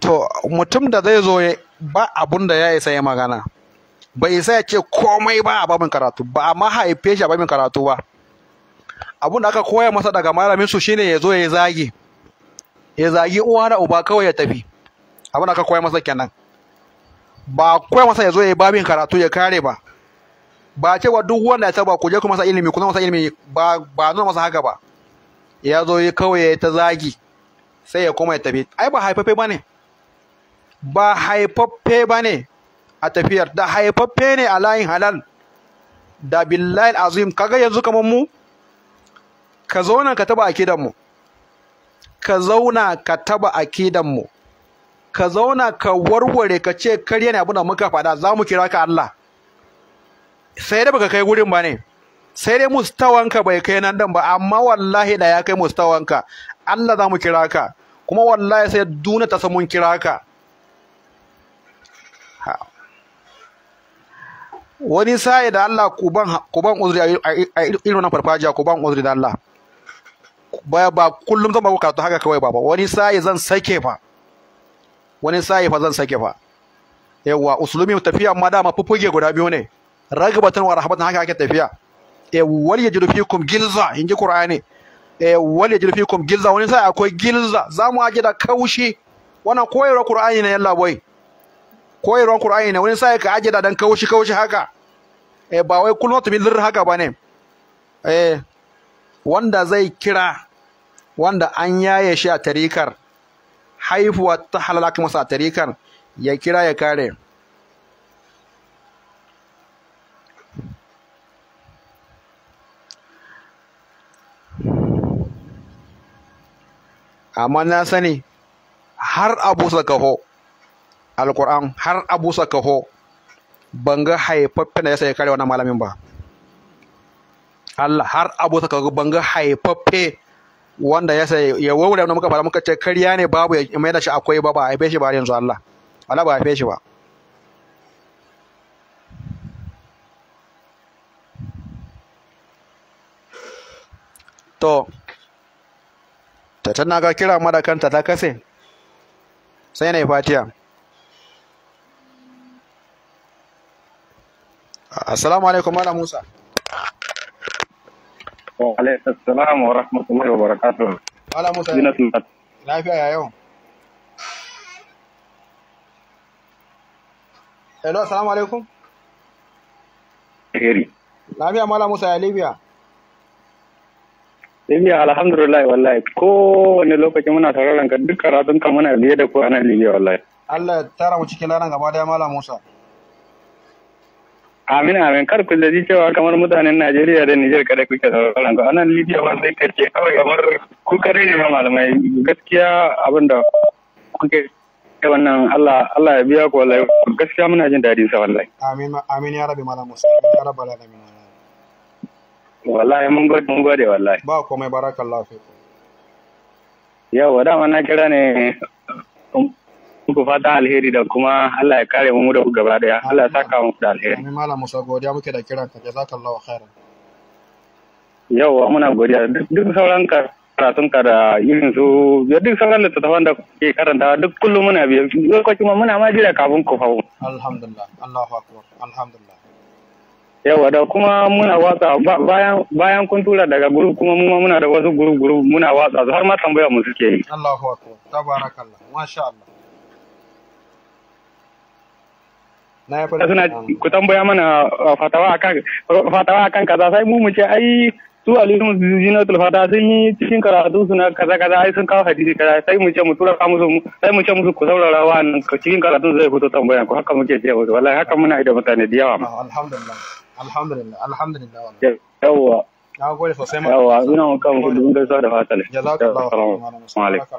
to mutum da zai zo ba abun da ya isa ya magana bai isa ya ce komai ba a babin karatu ba a haife shi a babin karatu ba abun da aka koya masa daga malamin su shine ya zo ya zagi ya zagi uwa da uba kawai ya tafi abin da aka koya masa kenan ba koya masa ya zo ya babin karatu ya kare ba ba ce wa duk wanda ya taba ku je ku masa ilimi ku masa ilimi ba ba nuna masa haka ba ya zo kawai ya ta zagi sai ya koma ya tafi ai ba haifafe ba ne ba haifaffe ba ne a tafiyar da haifaffe ne a layin halal da billahi azim kaga yanzu kamar mu ka zauna ka taba akidan mu ka zauna ka taba ka zauna ka warware ka ce karya ne abin da muka faɗa za mu kira ka Allah sai dai baka kai gurin ba ne sai dai mustawanka bai kai nan dan ba amma wallahi da ya kai mustawanka Allah za mu kira ka kuma wallahi sai duna ta samu kira ka wani sai da Allah ku ban uzuri a irin wannan farfajiya ku ban uzuri da Allah ba ba kullum zan ba ku karatu haka kawai ba ba wani sai zan sake fa wani sai fa zan sake fa yawa usulumi tafiya amma dama fufuge guda biyu ne ragabatan wa rahmatan haka ake tafiya eh wal yajidu fikum gilza inji qur'ani eh wal yajidu fikum gilza wani sai akwai gilza zamu aje da kaushi wannan koyarwa qur'ani ne yalla boy koyarwar Qur'ani ne wani sai ka aje da dan kawo shi haka eh ba wai kullum bi lir haka ba eh wanda zai kira wanda an yaye shi a tarikar haifuwa ta halalaka masa a tarikar ya kira ya kare amma na sani har abu sakaho alkur'an har abu sakaho ban ga haifaffen da ya sai kare wannan malamin ba Allah har abu sakaho ban ga haifaffe wanda ya sai ya wawura da muka fara muka ce karya ne babu ya mai da shi akwai ba ba a shi ba yanzu Allah Allah ba a shi ba to ta tana ga kira mara kanta ta kase sai na yi fatiya Assalamu alaikum Malam Musa. Assalamu alaikum wa rahmatullahi wa barakatuh. Malam Musa. Lafiya ya yau. Hello, assalamu alaikum. Alheri. Lafiya Malam Musa ya Libya. Libya alhamdulillah wallahi ko wani lokaci muna tare ranka duk karatun ka muna biye da ku a nan Libya wallahi. Allah ya tara mu cikin ranar gaba daya Malam Musa. Amin amin kar ku zaji cewa kamar mutanen Najeriya da Nijar kada kuke sauraron ku anan Libya ba zai kace kawai kamar ku kare ne malamai gaskiya abinda kuke wannan Allah Allah ya biya ku wallahi gaskiya muna jin daɗin sa wallahi. Amin amin ya rabbi malam Musa ya rabbal alamin. Wallahi mun gode mun gode wallahi. Ba komai barakallahu fiku. yawa da na kira ne kuka fata alheri da kuma Allah ya kare mu da ku gaba daya. Allah ya saka mu da alheri. Amin Malam Musa godiya muke da kiranka jazakallahu khairan. Yau muna godiya duk sauran ka karatun ka da irin su ya duk sauran littattafan da ke karanta duk kullum muna biyo lokaci ma muna ma jira kafin ku fawo. Alhamdulillah Allahu akbar alhamdulillah. Yawa da kuma muna watsa bayan bayan kun tura daga guru kuma mu muna da wasu guru guru muna watsa har ma tambaya mu suke yi. Allahu akbar tabarakallah masha Allah. suna ku tambaya mana uh, fatawa akan fatawa akan kaza sai mu mu ce ai su alisun zinatul fata sun yi cikin karatu suna kaza kaza ai sun kawo hadisi kaza sai mu ce mu tura ka musu sai mu ce musu ku saurara wa cikin karatu zai fito tambayan ku haka muke wallahi haka muna mutane da yawa ah, alhamdulillah alhamdulillah alhamdulillah yawa na gode sosai ma yawa ina mun kan gaisuwa da jazakallahu khairan wa alaikum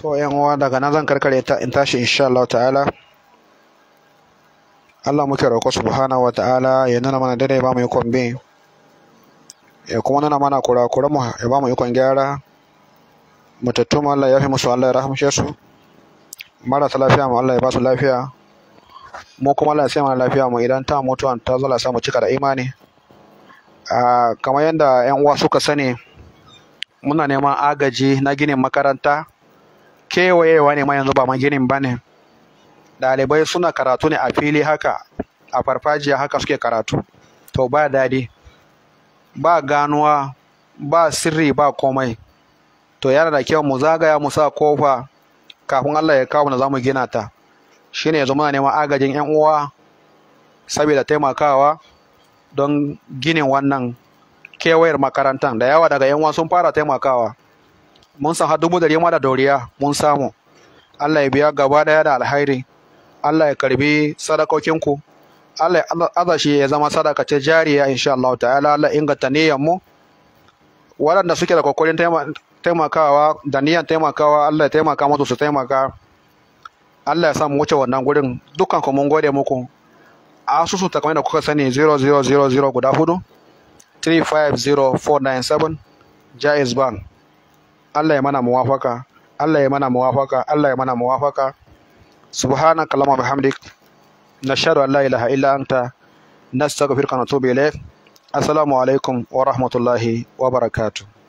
to yan uwa daga nan zan karkare ta in tashi insha Allah ta'ala Allah muke roƙo subhanahu ta'ala. ya nuna mana dare ba mu ikon bin ya kuma nuna mana kura mu ya ba mu ikon gyara mutattun Allah ya fi musu Allah ya rahamshe su marasa lafiya mu Allah ya ba su lafiya mu kuma Allah ya sai mana lafiya mu idan ta an ta zala samu cika da imani kamar yadda 'yan uwa suka sani muna neman agaji na ginin makaranta kewayewa ne ma yanzu ba ma ginin ba ne ɗalibai suna karatu ne a fili haka a farfajiya haka suke karatu to ba daɗi ba ganuwa ba sirri ba komai to yana da kyau mu zagaya mu sa kofa kafin Allah ya kawo na za mu gina ta shine yanzu muna neman agajin yan uwa saboda taimakawa don ginin wannan kewayar makarantar da yawa daga yan sun fara taimakawa mun san har dubu ɗari ma da dauriya mun samu Allah ya biya gaba ɗaya da alhairi Allah ya karbi sadakokinku Allah ya azashi ya zama sadaka ce jariya insha Allah ta'ala Allah inganta niyyar mu waɗanda suke da kokarin taimakawa da niyyar taimakawa Allah ya taimaka musu su taimaka Allah ya samu wuce wannan gurin dukkan ku mun gode muku asusu takamai da kuka sani 0000 guda hudu 350497 Jaiz Bank Allah ya mana muwafaka Allah ya mana muwafaka Allah ya mana muwafaka subhanaka allahumma bihamdik nashhadu an la ilaha illa anta nastaghfiruka wa natubu ilayk assalamu alaikum wa rahmatullahi wa barakatuh